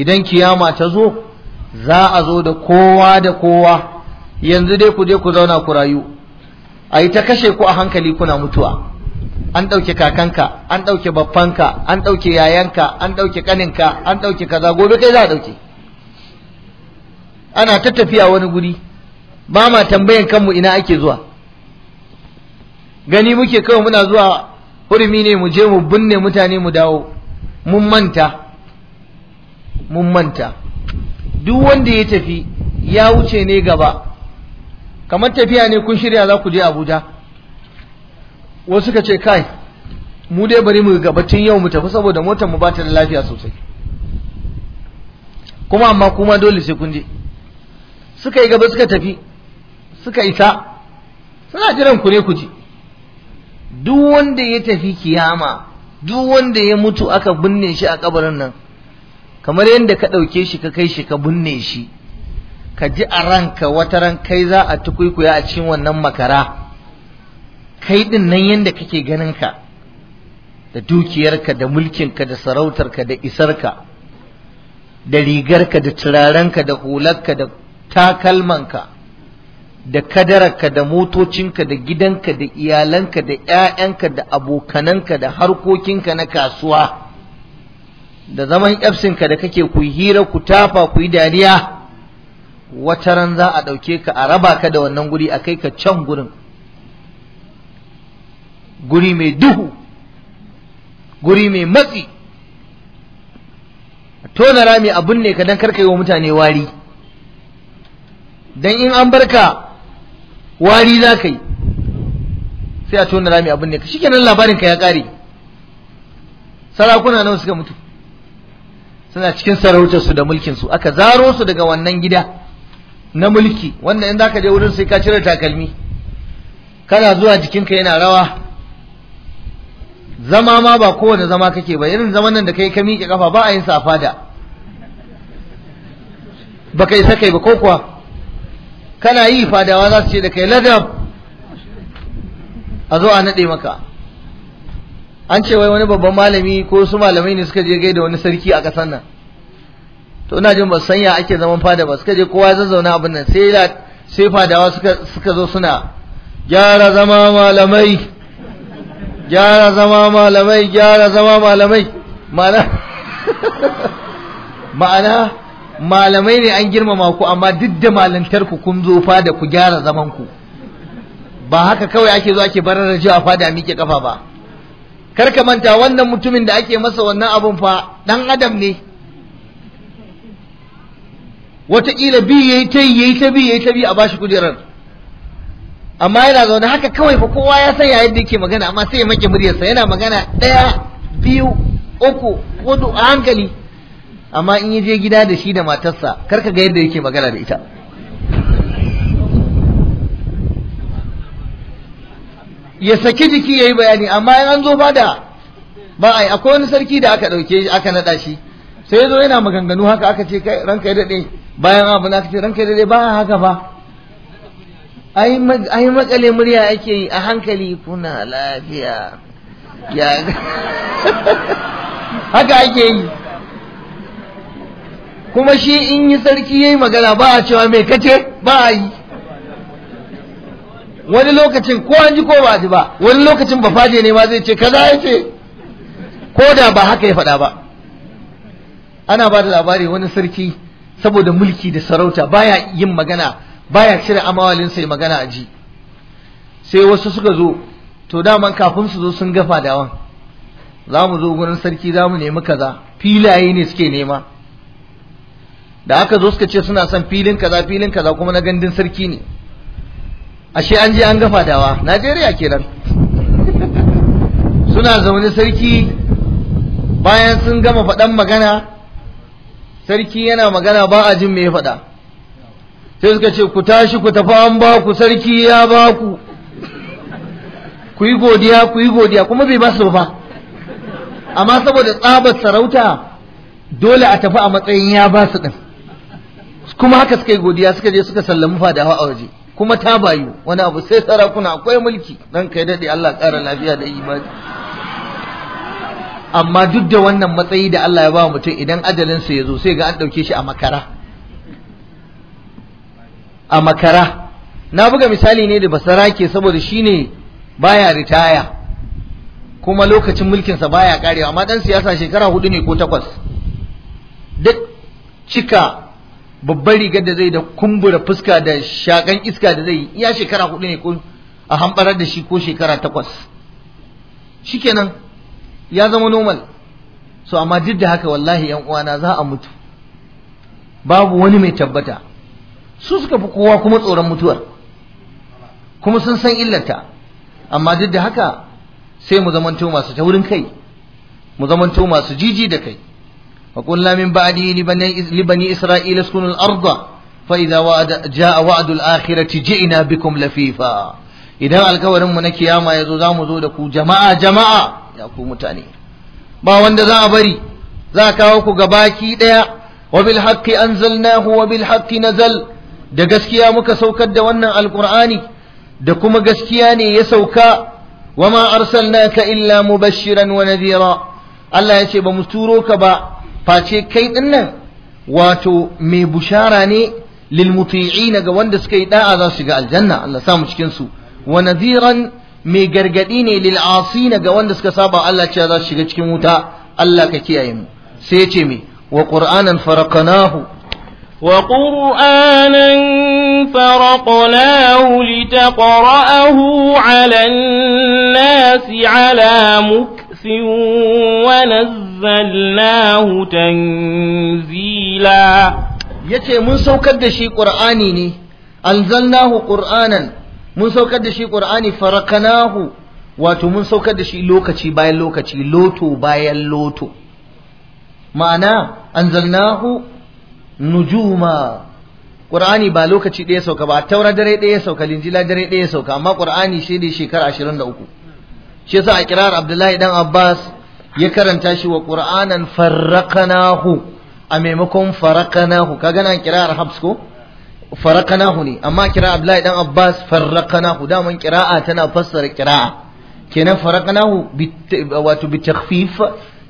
idan kiyama ta zo za a zo da kowa da kowa yanzu dai ku je ku zauna ku rayu a yi ta kashe ku a hankali kuna mutuwa an ɗauke kakanka an ɗauke babbanka an ɗauke yayanka an ɗauke ƙaninka an ɗauke kaza gobe kai za a ɗauke ana ta tafiya wani guri ba ma tambayan kanmu ina ake zuwa gani muke kawai muna zuwa hurumi ne mu je mu binne mutane mu dawo mun manta mun manta duk wanda ya tafi ya wuce ne gaba kamar tafiya ne kun shirya za ku je abuja wasu ka ce kai mu dai bari mu gaba tun yau mu tafi saboda motar mu bata da lafiya sosai kuma amma kuma dole sai kun je suka yi gaba suka tafi suka isa suna jiran ku ne ku ji duk wanda ya tafi kiyama duk wanda ya mutu aka binne shi a kabarin nan kamar yadda ka ɗauke shi ka kai shi ka binne shi ka ji a ranka wata ran kai za a tukuikuya a cikin wannan makara kai ɗin nan yadda kake ganin ka da dukiyarka da mulkinka da sarautarka da isarka da rigarka da turarenka da hularka da takalmanka da kadararka da motocinka da gidanka da iyalanka da 'ya'yanka da abokananka da harkokinka na kasuwa da zaman ka da kake ku hira ku tafa ku yi dariya wata ran za a ɗauke ka a raba ka da wannan guri a kai ka can gurin guri mai duhu guri mai matsi a tona rami abin ne ka don karka yi wa mutane wari don in an barka wari za ka yi sai a tona rami abin ne ka shi kenan labarinka ya ƙare sarakuna nawa suka mutu suna cikin sarautarsu da mulkinsu aka zaro su daga wannan gida na mulki wanda in zaka je wurin sai ka cire takalmi kana zuwa jikinka yana rawa zama ma ba kowane zama kake ba irin zaman nan da kai ka miƙe kafa ba a yin sa fada ba kai sakai ba ko kuwa kana yi fadawa za su ce da kai ladab a zo a naɗe maka an ce wai wani babban malami ko su malamai ne suka je da wani sarki a ƙasar nan to ina jin ba san ya ake zaman fada ba suka je kowa ya zazzauna abin nan sai da sai fadawa suka suka zo suna gyara zama malamai gyara zama malamai gyara zama malamai ma'ana ma'ana malamai ne an girmama ku amma duk da malantar ku kun zo fada ku gyara zaman ku ba haka kawai ake zo ake barar rajiya fada miƙe kafa ba kar ka manta wannan mutumin da ake masa wannan abun fa dan adam ne wataƙila bi yayi ta yi yayi ta bi yayi ta bi a bashi kujerar amma yana zaune haka kawai fa kowa ya san yayin da yake magana amma sai ya make muryarsa yana magana ɗaya biyu uku hudu a hankali amma in ya je gida da shi da matarsa kar ka ga yadda yake magana da ita ya saki jiki ya yi bayani amma in an zo bada, ba yi. akwai wani sarki da aka ɗauke aka naɗa shi sai zo yana maganganu haka aka ce kai ranka ya daɗe. bayan abu na ce ranka ya daɗe ba haka ba ai ai makale murya ake yi a hankali kuna lafiya ya haka ake yi kuma shi in yi sarki ya yi magana ba a cewa me kace ba a yi wani lokacin ko an ji ko ba ji ba wani lokacin ba faje ne ma zai ce kaza ya ce ko da ba haka ya faɗa ba ana ba da labari wani sarki saboda mulki da sarauta baya yin magana baya cire amawalinsa ya magana a ji sai wasu suka zo to daman kafin su zo sun ga fadawan za mu zo gurin sarki za mu nemi kaza filaye ne suke nema da aka zo suka ce suna son filin kaza filin kaza kuma na gandun sarki ne ashe an je an ga fadawa Najeriya kenan suna zaune sarki bayan sun gama faɗan magana sarki yana magana ba a jin me ya faɗa sai suka ce ku tashi ku tafi an ba ku sarki ya ba ku ku yi godiya ku yi godiya kuma bai ba su ba amma saboda tsabar sarauta dole a tafi a matsayin ya ba su ɗin kuma haka suka yi godiya suka je suka sallami fadawa a waje kuma ta bayu wani abu sai sarakuna akwai mulki dan kai dade Allah ƙara lafiya da imani amma duk da wannan matsayi da Allah ya ba mutum idan ajalin sa yazo sai ga an dauke shi a makara a makara na buga misali ne da basarake saboda shine baya ritaya kuma lokacin mulkin sa baya karewa amma dan siyasa shekara hudu ne ko takwas duk cika babbar rigar da zai da kumbura fuska da shakan iska da zai iya shekara hudu ne ko a hambarar da shi ko shekara takwas shikenan ya zama normal so amma duk da haka wallahi yan uwana za a mutu babu wani mai tabbata su suka fi kowa kuma tsoron mutuwar kuma sun san illarta amma duk da haka sai mu zamanto masu taurin kai mu zamanto masu jiji da kai وقلنا من بعده لبني, لبني إسرائيل اسكنوا الأرض فإذا وعد جاء وعد الآخرة جئنا بكم لفيفا إذا الكورن من كياما يزوزام زودكو جماعة جماعة يقول متاني ما وند ذا بري ذاك أوكو قباكي ديا وبالحق أنزلناه وبالحق نزل da gaskiya muka saukar da wannan alkur'ani da kuma gaskiya ne ya sauka wama arsalnaka illa mubashiran wa nadhira Allah ya ce ba mu turo ka ba face kai dinnan wato mai bushara ne lil muti'ina ga wanda suka yi da'a za su shiga aljanna Allah samu cikinsu wa nadhiran mai gargadi ne lil asina ga wanda suka saba Allah cewa za su shiga cikin wuta Allah ka kiyaye mu sai ya ce me wa qur'anan faraqnahu وقرآنا فرقناه لتقرأه على الناس على مكث بأس ونزلناه تنزيلا يتي من سوكر دشي قرآني ني أنزلناه قرآنا من سوكر دشي قرآني فرقناه wato mun saukar da shi lokaci bayan lokaci loto bayan loto ma'ana anzalnahu nujuma qur'ani ba lokaci ɗaya sauka ba taura dare ɗaya sauka linjila dare ɗaya sauka amma qur'ani shi ne shekara 23 shi yasa a kirar abdullahi dan abbas ya karanta shi wa qur'anan farraqnahu a maimakon farraqnahu kaga nan kirar habs ko farraqnahu ne amma kirar abdullahi dan abbas farraqnahu da qira'a tana fassara qira'a kenan farraqnahu wato bi takhfif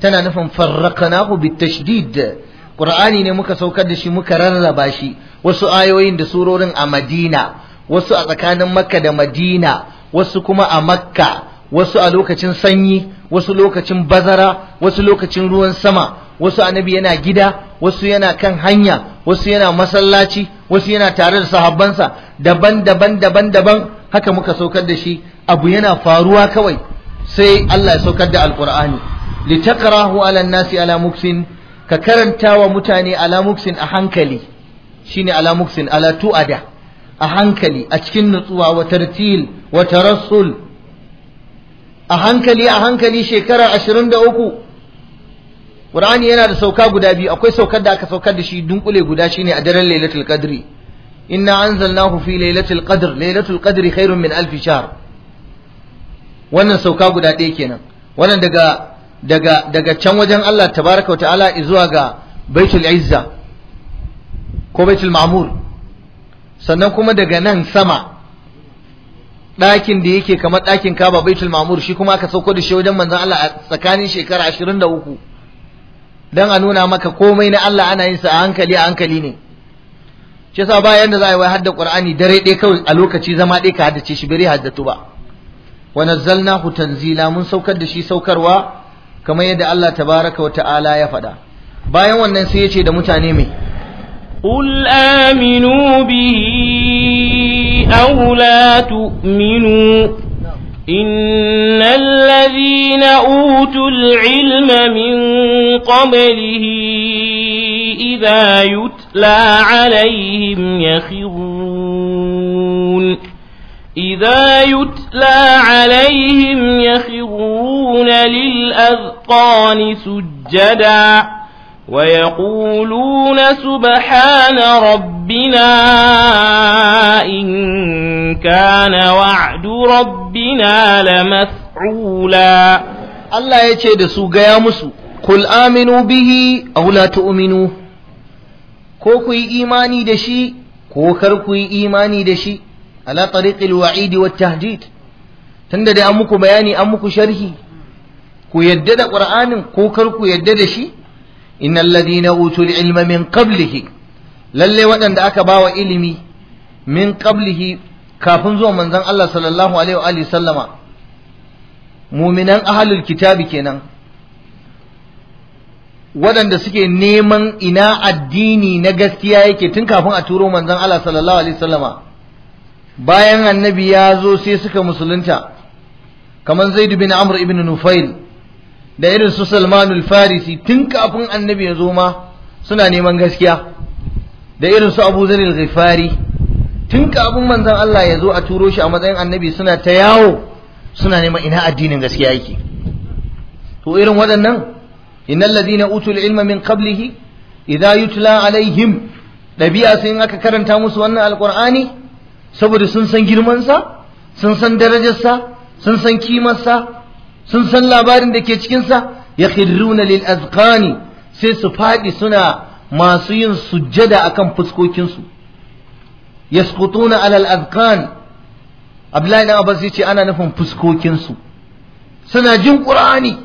tana nufin farraqnahu bi tashdid qur'ani ne muka saukar da shi muka rarraba shi wasu ayoyin da surorin a madina wasu a tsakanin makka da madina wasu kuma a makka wasu a lokacin sanyi wasu lokacin bazara wasu lokacin ruwan sama wasu annabi yana gida wasu yana kan hanya wasu yana masallaci wasu yana tare da sahabbansa daban daban daban daban haka muka saukar da shi abu yana faruwa kawai sai Allah ya saukar da alqur'ani litaqrahu ala nasi ala muksin ka karanta wa mutane ala muksin a hankali shine ala muksin ala tu'ada a hankali a cikin nutsuwa wa tartil wa tarassul a hankali a hankali shekara ashirin da uku ƙur'ani yana da sauka guda biyu akwai saukar da aka saukar da shi dunkule guda shine a daren lailatul qadri inna anzalnahu fi lailatul qadr lailatul qadri khairun min alf shahr wannan sauka guda ɗaya kenan wannan daga daga daga can wajen Allah tabaraka ta'ala zuwa ga baitul izza ko baitul ma'mur sannan kuma daga nan sama ɗakin da yake kamar ɗakin kaba baitul mamur shi kuma aka sauko da shi wajen manzon Allah a tsakanin shekara ashirin da 23 dan a nuna maka komai na Allah ana yin sa a hankali a hankali ne shi yasa ba yanda za a yi wai hadda Qur'ani dare ɗaya kawai a lokaci zama ɗaya ka haddace shi bari haddatu ba wa nazzalnahu tanzila mun saukar da shi saukarwa kamar yadda Allah tabaraka wa ta'ala ya faɗa bayan wannan sai ya ce da mutane mai qul aminu bihi أو لا تؤمنوا إن الذين أوتوا العلم من قبله إذا يتلى عليهم يخرون إذا يتلى عليهم يخرون للأذقان سجداً ويقولون سبحان ربنا إن كان وعد ربنا لمفعولا الله يتشي دسو مسو قل آمنوا به أو لا تؤمنوا كوكوي إيماني دشي كوكركوي إيماني دشي على طريق الوعيد والتهديد تندد أمكو بياني أمكو شرهي كو يدد قرآن ƙur'anin يدد شي innal ladina utul ilma min qablihi lalle waɗanda aka bawa ilimi min qablihi kafin zuwa manzon Allah sallallahu alaihi wa sallama muminan ahlul kitabi kenan waɗanda suke neman ina addini na gaskiya yake tun kafin a turo manzon Allah sallallahu alaihi sallama bayan annabi ya zo sai suka musulunta kamar Zaid bin Amr ibn Nufail da irin su salmanul farisi tun kafin annabi ya zo ma suna neman gaskiya da irin su abu zaril ghifari tun kafin manzon Allah ya zo a turo shi a matsayin annabi suna ta yawo suna neman ina addinin gaskiya yake to irin waɗannan innal ladina utul ilma min qablihi idza yutla alaihim dabi'a sai in aka karanta musu wannan alqur'ani saboda sun san girmansa sun san darajarsa sun san kimarsa sun san labarin da ke cikinsa ya khirruna lil azqani sai su faɗi suna masu yin sujjada akan fuskokinsu yasqutuna alal azqan Abdullahi na Abbas yace ana nufin fuskokinsu suna jin Qur'ani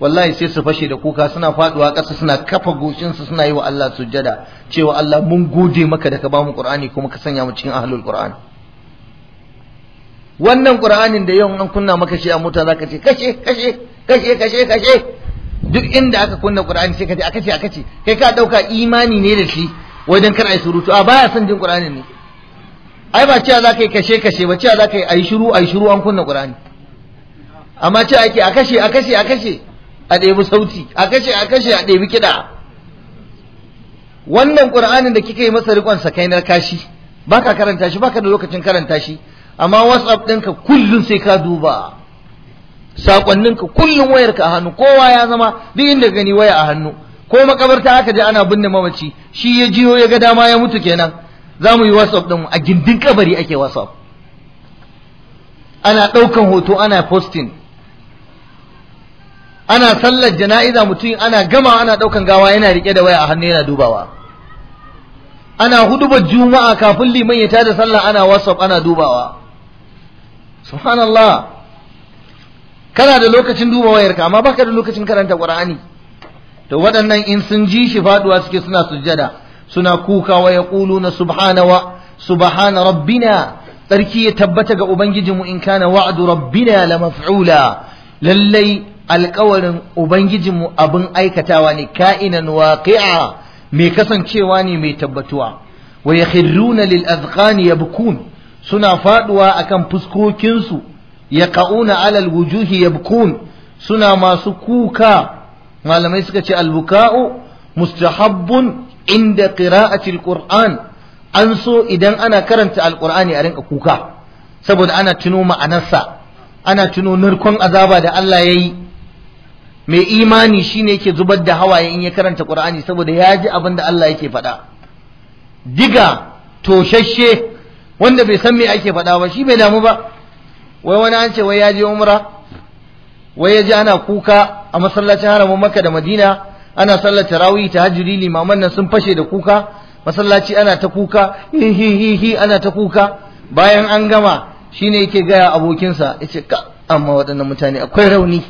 wallahi sai su fashe da kuka suna faduwa ƙasa suna kafa goshinsu suna yi wa Allah sujjada cewa Allah mun gode maka da ka bamu mu Qur'ani kuma ka sanya mu cikin ahlul Qur'ani wannan qur'anin da yau an kunna maka shi a mota zaka ce kashe kashe kashe kashe kashe duk inda aka kunna qur'ani sai ka ce akace akace kai ka dauka imani ne da shi wajen kar ai surutu a baya son jin qur'anin ne ai ba cewa zaka yi kashe kashe ba cewa zaka yi ai shiru ai shiru an kunna qur'ani amma cewa ake a kashe a kashe a kashe a ɗebi sauti a kashe a kashe a ɗebi kiɗa wannan qur'anin da kika yi masa riƙon sakainar kashi baka karanta shi baka da lokacin karanta shi amma whatsapp ɗinka kullum sai ka duba saƙonninka kullum wayarka a hannu kowa ya zama duk inda gani waya a hannu ko makabarta aka je ana binne mamaci shi ya jiyo ya ga dama ya mutu kenan za mu yi whatsapp ɗin a gindin kabari ake whatsapp ana ɗaukan hoto ana posting ana sallar jana'iza mutum ana gama ana ɗaukan gawa yana riƙe da waya a hannu yana dubawa ana hudubar juma'a kafin liman ya tada sallah ana whatsapp ana dubawa subhanallah kana da lokacin duba wayarka amma baka da lokacin karanta qur'ani to waɗannan in sun ji shi faduwa suke suna sujjada suna kuka wa yaquluna subhana wa subhana rabbina tsarki ya tabbata ga ubangijinmu in kana wa'du rabbina la maf'ula lallai alkawarin ubangijinmu abin aikatawa ne ka'inan waqi'a mai kasancewa ne mai tabbatuwa wa yakhruna lil azqani yabkun suna faduwa akan fuskokinsu ya ka'una alal wujuhi yabkun suna masu kuka malamai suka ce albuka'u mustahabbun inda qira'ati alquran an so idan ana karanta alqur'ani a rinka kuka saboda ana tuno ma'anarsa ana tuno narkon azaba da Allah yayi mai imani shine yake zubar da hawaye in ya karanta qur'ani saboda ya ji abin da Allah yake faɗa diga toshashe wanda bai san me ake faɗa ba shi bai damu ba wai wani an ce wai ya je umra wai ya je ana kuka a masallacin haramun makka da madina ana sallar tarawih ta hajjuri limaman nan sun fashe da kuka masallaci ana ta kuka hi ana ta kuka bayan an gama shine yake gaya abokinsa yace ka amma waɗannan mutane akwai rauni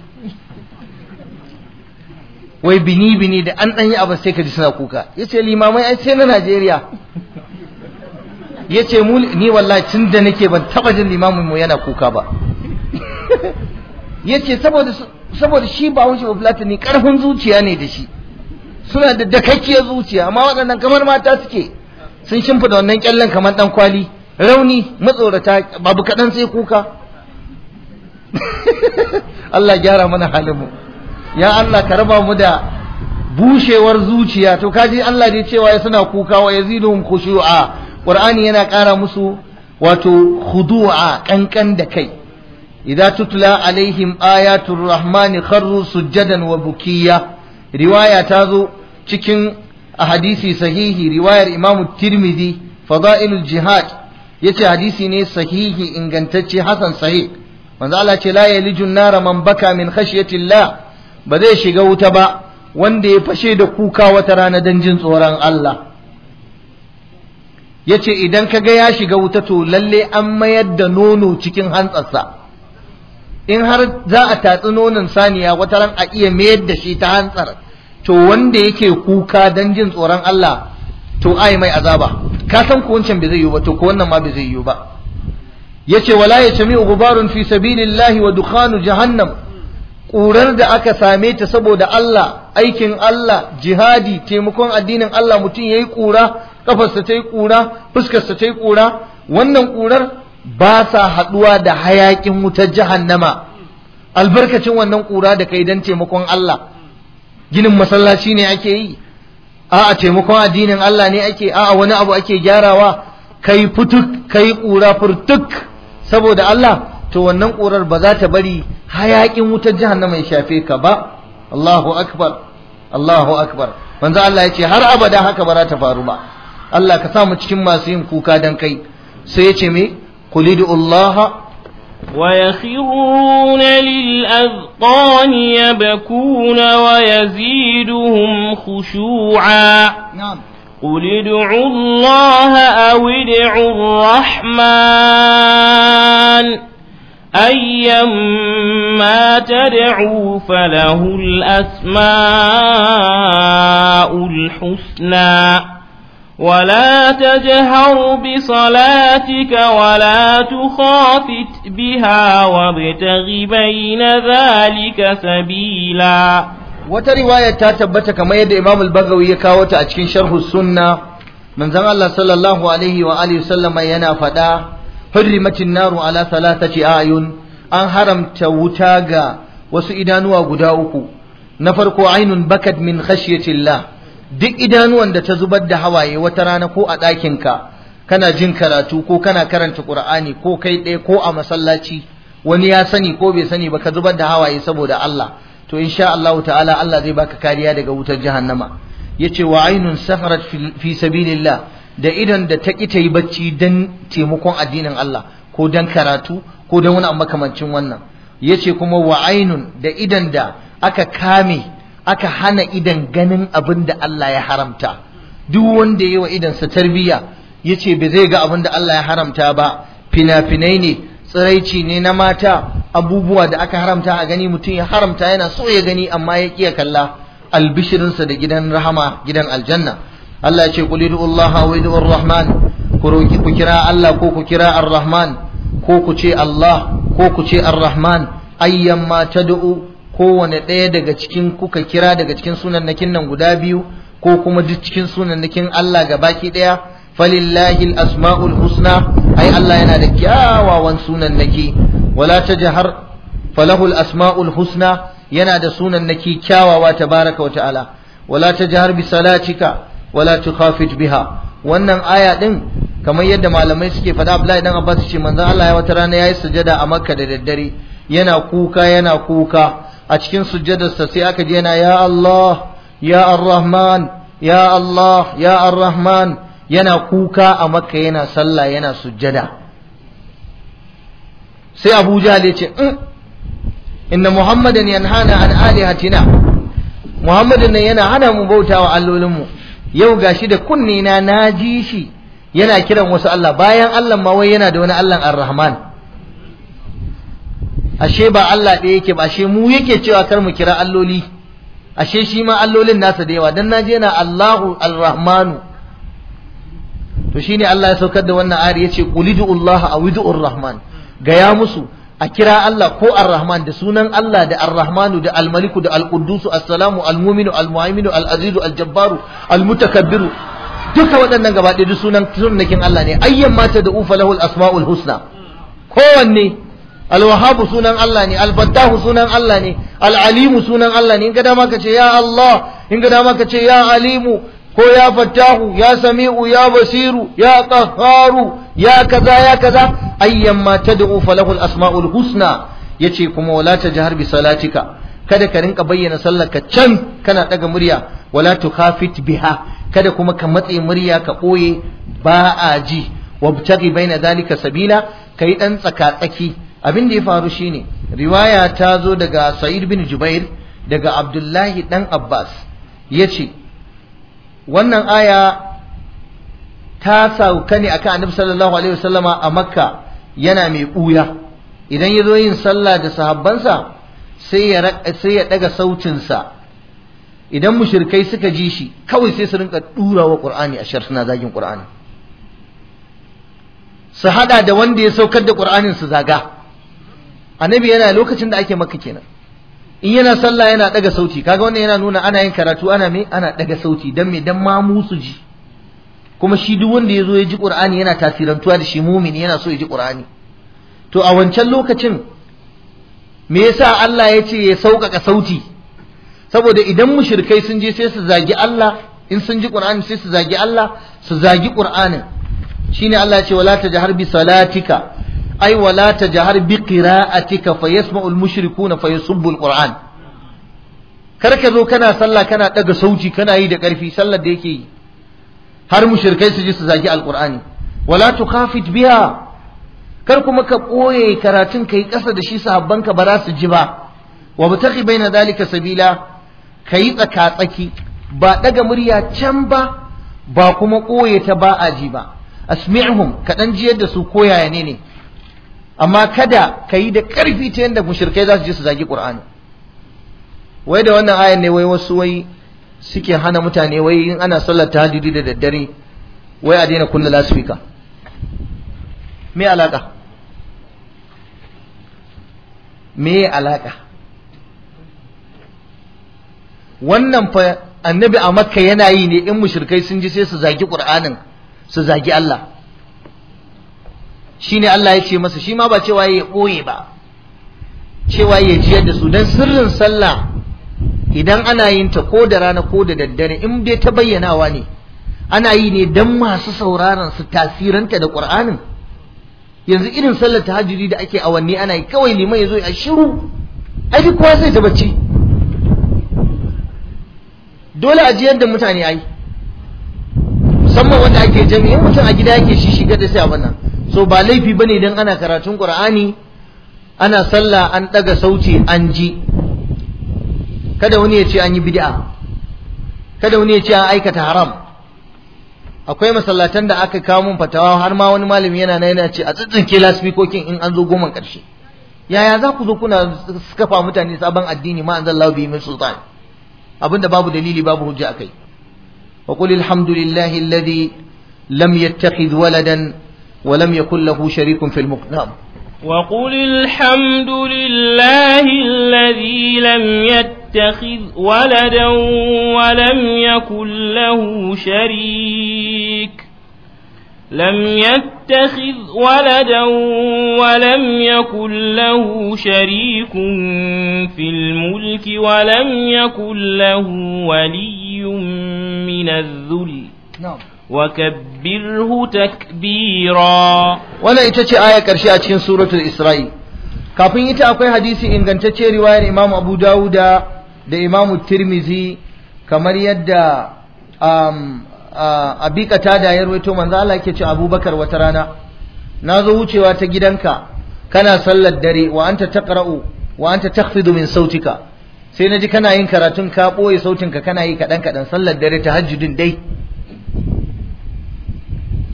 wai bini bini da an ɗanyi abu sai ka ji suna kuka yace limamai ai sai na Najeriya Ya ce ni wallahi tun da nake ban taba jin limamin mu yana kuka ba ya ce saboda shi ba wuce ne karfin zuciya ne da shi suna da dakakkiyar zuciya amma waɗannan kamar mata suke sun shimfida wannan kyallen kamar ɗan kwali rauni matsorata babu kaɗan sai kuka Allah gyara mana halinmu ya Allah ka raba mu da bushewar zuciya to kaji Allah ne cewa ya suna kuka wa hum khushu'a qur'ani yana ƙara musu wato khudu'a ƙanƙan da kai idza tutla alaihim ayatul rahman kharru sujjadan wa bukiya riwaya ta zo cikin hadisi sahihi riwayar imamu tirmidhi fada'ilul jihad yace hadisi ne sahihi ingantacce hasan sahih manzo Allah ce la yalijun nara man baka min khashyatillah ba zai shiga wuta ba wanda ya fashe da kuka wata rana dan jin tsoron Allah ya ce idan ka ga ya shiga wuta to lalle an mayar da nono cikin hantsarsa in har za a tatsi nonon saniya wata ran a iya mayar da shi ta hantsar to wanda yake kuka don jin tsoron Allah to ai mai azaba ka san ko wancan bai zai yiwu ba to ko wannan ma bai zai yiwu ba yace wala yasmi'u gubarun fi sabilillahi wa dukhanu jahannam ƙurar da aka same ta saboda Allah aikin Allah jihadi taimakon addinin Allah mutum yayi kura kafarsa ta yi ƙura fuskarsa ta yi ƙura wannan ƙurar ba sa haɗuwa da hayaƙin wutar jahannama albarkacin wannan ƙura da kai don taimakon Allah ginin masallaci ne ake yi a'a taimakon addinin Allah ne ake a'a wani abu ake gyarawa kai futuk kai ƙura furtuk saboda Allah to wannan ƙurar ba za ta bari hayaƙin wutar jahannama ya shafe ka ba Allahu akbar Allahu akbar manzo Allah ya ce har abada haka ba za ta faru ba Allah ka samu cikin masu yin kuka dan kai sai ya ce me ويخرون للأذقان يبكون ويزيدهم خشوعا نعم قل ادعوا الله أو ادعوا الرحمن أيما تدعوا فله الأسماء الحسنى ولا تجهر بصلاتك ولا تخافت بها وابتغ بين ذلك سبيلا wata riwaya ta tabbata kamar yadda Imam al-Baghawi ya kawo ta a cikin Sharh sunna manzon Allah sallallahu alaihi wa alihi sallama yana faɗa hurrimatin naru ala salatati ayun an haramta wuta ga wasu idanuwa guda uku na farko ainun bakat min khashyatillah duk idanuwan da ta zubar da hawaye wata rana ko a ɗakinka kana jin karatu ko kana karanta ƙur'ani ko kai ɗaya ko a masallaci wani ya sani ko bai sani ba ka zubar da hawaye saboda Allah to insha Allah ta'ala Allah zai baka kariya daga wutar jahannama yace wa ainun safarat fi sabilillah da idan da ta kita yi bacci dan taimakon addinin Allah ko dan karatu ko dan wani makamancin wannan yace kuma wa ainun da idan da aka kame aka hana idan ganin abin da Allah ya haramta duk wanda ya yi wa idansa tarbiyya ya ce ba zai ga abin da Allah ya haramta ba fina-finai ne tsiraici ne na mata abubuwa da aka haramta a gani mutum ya haramta yana so ya gani amma ya kiya kalla albishirinsa da gidan rahama gidan aljanna Allah ya ce qul Allah wa idu rahman ku kira Allah ko ku kira ar-rahman ko ku ce Allah ko ku ce ar-rahman ayyan ma tad'u kowane ɗaya daga cikin kuka kira daga cikin sunannakin nan guda biyu ko kuma duk cikin sunannakin Allah ga baki ɗaya falillahi asmaul husna ai Allah yana da kyawawan sunannaki wala tajhar falahu asmaul husna yana da sunannaki kyawawa tabaraka wa ta'ala wala tajhar bi salatika wala tukhafit biha wannan aya din kamar yadda malamai suke faɗa Abdullahi dan Abbas ce manzon Allah ya wata rana yayi sujada a Makka da daddare yana kuka yana kuka a cikin sujjadarsa sai aka je yana ya Allah ya Ar-Rahman ya Allah ya Ar-Rahman yana kuka a Makka yana sallah yana sujjada sai Abu Jahl ya ce mm, inna Muhammadan yanhana an alihatina Muhammadin nan yana hana mu bautawa allolinmu yau gashi da kunni na naji shi yana kiran wasu Allah bayan Allah ma wai yana da wani Allah Ar-Rahman ashe ba Allah ɗaya yake ba ashe mu yake cewa kar mu kira alloli ashe shi ma allolin nasa da yawa dan naje na Allahu Ar-Rahmanu to shine Allah ya saukar da wannan ayar yace qulidu Allah aw idur Rahman gaya musu a kira Allah ko Ar-Rahman da sunan Allah da ar Rahman da Al-Maliku da Al-Quddus As-Salamu Al-Mu'minu Al-Muhaiminu Al-Azizu Al-Jabbaru Al-Mutakabbiru duka waɗannan gaba ɗaya duk sunan sunnakin Allah ne ayyan mata da ufa lahul asma'ul husna kowanne alwahabu sunan Allah ne alfattahu sunan Allah ne al'alimu sunan Allah ne in ga dama ka ce ya Allah in ga dama ka ce ya alimu ko ya fattahu ya sami'u ya basiru ya qahharu ya kaza ya kaza ayyan ma tad'u falahu al-asma'ul husna yace kuma wala tajhar bi salatika kada ka rinka bayyana sallarka can kana daga murya wala tukhafit biha kada kuma ka matse murya ka koye ba a ji wabtaghi baina dhalika sabila kai dan tsaka tsaki abin da ya faru shine riwaya ta zo daga sa'id bin jubair daga abdullahi dan abbas ya ce wannan aya ta sauka ne akan annabi sallallahu alaihi wasallama a makka yana mai ɓuya idan ya zo yin sallah da sahabbansa sai ya ɗaga ya daga sautinsa idan mushrikai suka ji shi kawai sai su rinka wa qur'ani a shar suna zagin qur'ani su hada da wanda ya saukar da qur'anin su zaga annabi yana lokacin da ake maka kenan in yana sallah yana daga sauti kaga wannan yana nuna ana yin karatu ana me ana daga sauti dan me dan ma musu ji kuma shi duk wanda ya zo ya ji qur'ani yana tasirantuwa da shi mumini yana so ya ji qur'ani to a wancan lokacin me yasa Allah ya ce ya sauƙaƙa sauti saboda idan mushrikai sun je sai su zagi Allah in sun ji qur'ani sai su zagi Allah su zagi qur'anin shine Allah ya ce wala tajhar bi salatika ai wala tajhar bi qira'atika fayasma'ul mushrikuuna fayasubbu qur'an. kar ka zo kana sallah kana daga sauci kana yi da karfi sallar da yake yi har mushrikai su ji su zagi alqur'ani wala tukhafit biha kar kuma ka ɓoye karatun ka yi ƙasa da shi sahabbanka ba za su ji ba wa mutaki bai na dalika sabila ka yi tsaka-tsaki ba ɗaga murya can ba ba kuma ɓoye ta ba a ji ba asmi'hum ka jiyar da su koyaya ne ne amma kada ka yi da ƙarfi ta yadda mushrikai za su je su zagi ƙur'ani wai da wannan ayan ne wai wasu wai suke hana mutane wai in ana sallar tahajjudi da daddare wai a daina kunna lasfika me alaka me alaka wannan fa annabi a makka yana yi ne in mushrikai sun ji sai su zagi ƙur'anin su zagi Allah shine Allah ya ce masa shi ma ba cewa ya ɓoye ba cewa ya jiyar da su don sirrin sallah idan ana yin ta ko da rana ko da daddare in dai ta bayyanawa ne ana yi ne don masu sauraron su tasiranta da ƙur'anin yanzu irin sallar tahajjudi da ake awanni ana yi kawai liman ya zo ya shiru ai duk kowa zai ta bacci dole a jiyar da mutane ai musamman wanda ake jami'in mutum a gida yake shi shiga da sai abin nan so ba laifi bane idan ana karatun qur'ani ana sallah an daga sauti an ji kada wani ya ce an yi bid'a kada wani ya ce an aikata haram akwai masallatan da aka kawo mun fatawa har ma wani malami yana na yana ce a tsitsinke lasfikokin in an zo goman karshe yaya za ku zo kuna kafa mutane sabon addini ma anzalallahu bihi min sultan abinda babu dalili babu hujja akai wa qul alhamdulillahi alladhi lam yattakhidh waladan ولم يكن له شريك في الملك نعم وقل الحمد لله الذي لم يتخذ ولدا ولم يكن له شريك لم يتخذ ولدا ولم يكن له شريك في الملك ولم يكن له ولي من الذل نعم WaKabiru ta Biro. Wannan ita ce aya karshe a cikin surautar Isra'il. Kafin ita akwai hadisi ingantacce riwayar Imam Abu Dawud da Imam Tirzim kamar yadda um, Abika ta dayar wai, to wanzu ala ke cin Abubakar wata rana? Na wucewa ta gidanka, kana salladdare wa'anta takfi domin sautika, sai na ji kana yin karatun ka ɓoye sautinka kana yi kaɗan-kaɗan, sallar dare Hajji ɗin dai.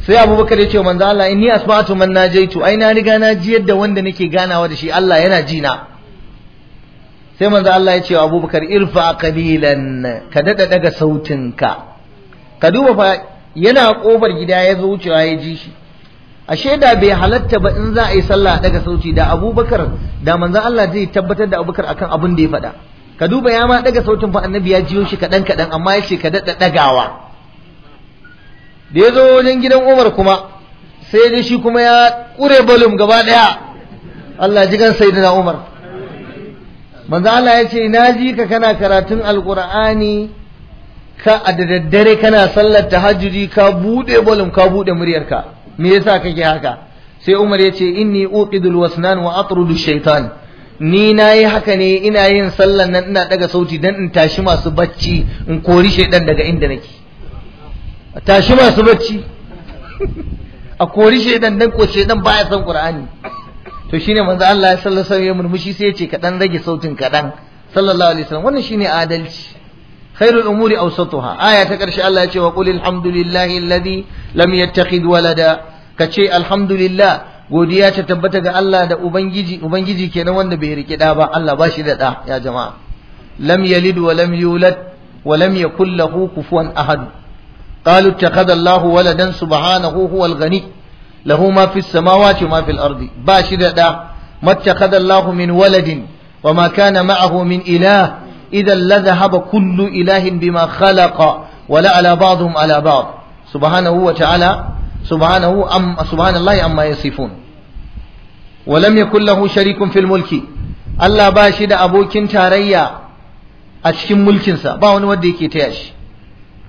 sai abubakar ya ce wa manzo Allah inni Asma'atu man najaitu ai na riga na ji yadda wanda nake ganawa da shi Allah yana ji na sai manzo Allah ya ce wa abubakar irfa qalilan ka dada daga sautinka ka duba fa yana kofar gida ya zo wucewa ya ji shi ashe da bai halatta ba in za a yi sallah daga sauti da abubakar da manzo Allah zai tabbatar da abubakar akan abin da ya faɗa ka duba ya ma daga sautin fa annabi ya jiyo shi kaɗan kaɗan amma ya ce ka daɗa ɗagawa da ya zo wajen gidan umar kuma sai da shi kuma ya ƙure balum gaba ɗaya Allah ji kan da umar manzo Allah ya ce na ji ka kana karatun alƙur'ani ka a da daddare kana sallar ta tahajjudi ka buɗe balum ka buɗe muryarka me yasa kake haka sai umar ya ce inni uqidul wasnan wa atrudu shaitan ni na yi haka ne ina yin sallar nan ina ɗaga sauti dan in tashi masu bacci in kori shaidan daga inda nake a tashi masu bacci a kori shaidan dan ko shaidan baya son qur'ani to shine manzo Allah ya sallallahu alaihi wasallam murmushi sai ya ce kadan rage sautin kadan sallallahu alaihi wasallam wannan shine adalci khairul umuri awsatuha ya ta karshe Allah ya ce wa qulil hamdulillahi alladhi lam yattakhid walada kace alhamdulillah godiya ta tabbata ga Allah da ubangiji ubangiji kenan wanda bai rike da ba Allah ba shi da da ya jama'a lam yalid wa wa قالوا اتخذ الله ولدا سبحانه هو الغني له ما في السماوات وما في الأرض باشر دا ما اتخذ الله من ولد وما كان معه من إله إذا لذهب كل إله بما خلق ولا على بعضهم على بعض سبحانه وتعالى سبحانه أم سبحان الله أما يصفون ولم يكن له شريك في الملك الله باشد أبوك تاريا أشكم ملكنسا باون وديك تياش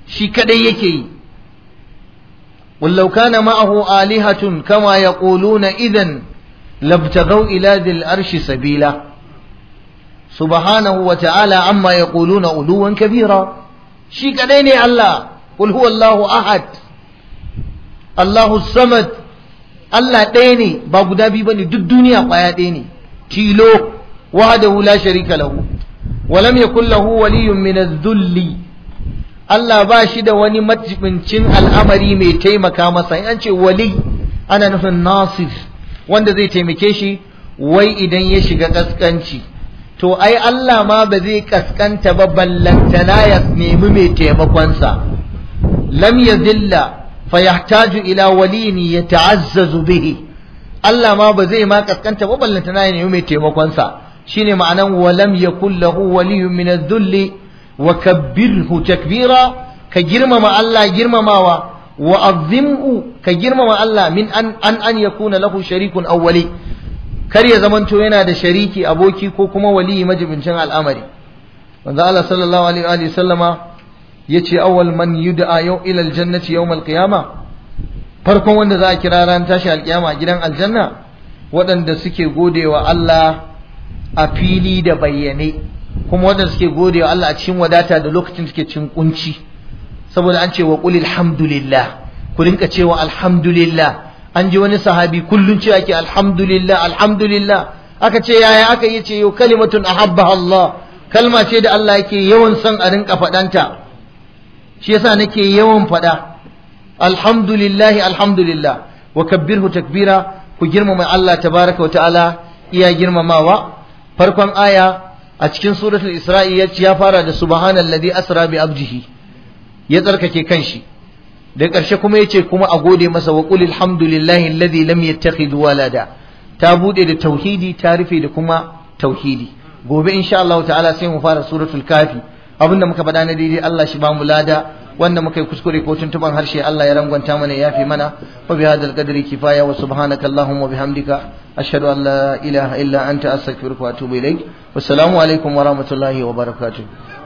shi kadai yake yi wallau kana ma'ahu alihatun kama yaquluna idan labtagaw ila dil arshi sabila subhanahu wa ta'ala amma yaquluna uluwan kabira shi kadai ne Allah qul huwallahu ahad Allahu samad Allah ɗaya ne ba guda biyu ba bane duk duniya kwaya ɗaya ne tilo wahdahu la sharika lahu wa lam yakul lahu waliyyun min adh Allah ba shi da wani majibincin al'amari mai taimaka masa in an ce wali ana nufin nasir wanda zai taimake shi wai idan ya shiga ƙasƙanci. to ai Allah ma ba zai ƙasƙanta ba ballantana ya nemi mai taimakonsa lam yazilla fa yahtaju ila waliyin yata'azzazu bihi Allah ma ba zai ma kaskanta ba ballantana ya nemi mai taimakonsa shine ma'anan walam ya lahu waliyyun min adh wa kabbirhu takbira ka girmama Allah girmamawa wa azimhu ka girmama Allah min an an, an yakuna lahu sharikun awwali kar ya zamanto yana da shariki aboki ko kuma waliyi majibincin al'amari manzo Allah sallallahu alaihi wa sallama yace awwal man yud'a yau ila aljannati yawm alqiyama farkon wanda za a kira ran tashi alkiyama gidan aljanna waɗanda suke godewa Allah a fili da bayyane kuma wadanda suke gode wa Allah a cikin wadata da lokacin suke cikin kunci saboda an ce wa qul alhamdulillah ku rinka cewa alhamdulillah an ji wani sahabi kullun cewa ke alhamdulillah alhamdulillah aka ce yaya aka yi ce yau kalimatun ahabba Allah kalma ce da Allah yake yawan son a rinka faɗanta shi yasa nake yawan faɗa alhamdulillahi alhamdulillah wa kabbirhu takbira ku girmama Allah tabaraka wa ta'ala iya girmamawa farkon aya a cikin suratul isra'i ya ya fara da subhanallazi asra bi abjihi ya tsarkake kanshi da ƙarshe kuma yace kuma a gode masa wa qul alhamdulillahi Lamya lam yattakhidh walada ta bude da tauhidi ta rufe da kuma tauhidi gobe insha Allah ta'ala sai mu fara suratul kafi abinda muka faɗa na daidai Allah shi ba mu lada wanda muka yi kuskure ko tuntuban harshe Allah ya rangwanta mana ya fi mana wa bi hadal qadri kifaya wa subhanaka allahumma bihamdika ashhadu an la ilaha illa anta astaghfiruka wa atubu ilaik wassalamu alaikum wa rahmatullahi wa barakatuh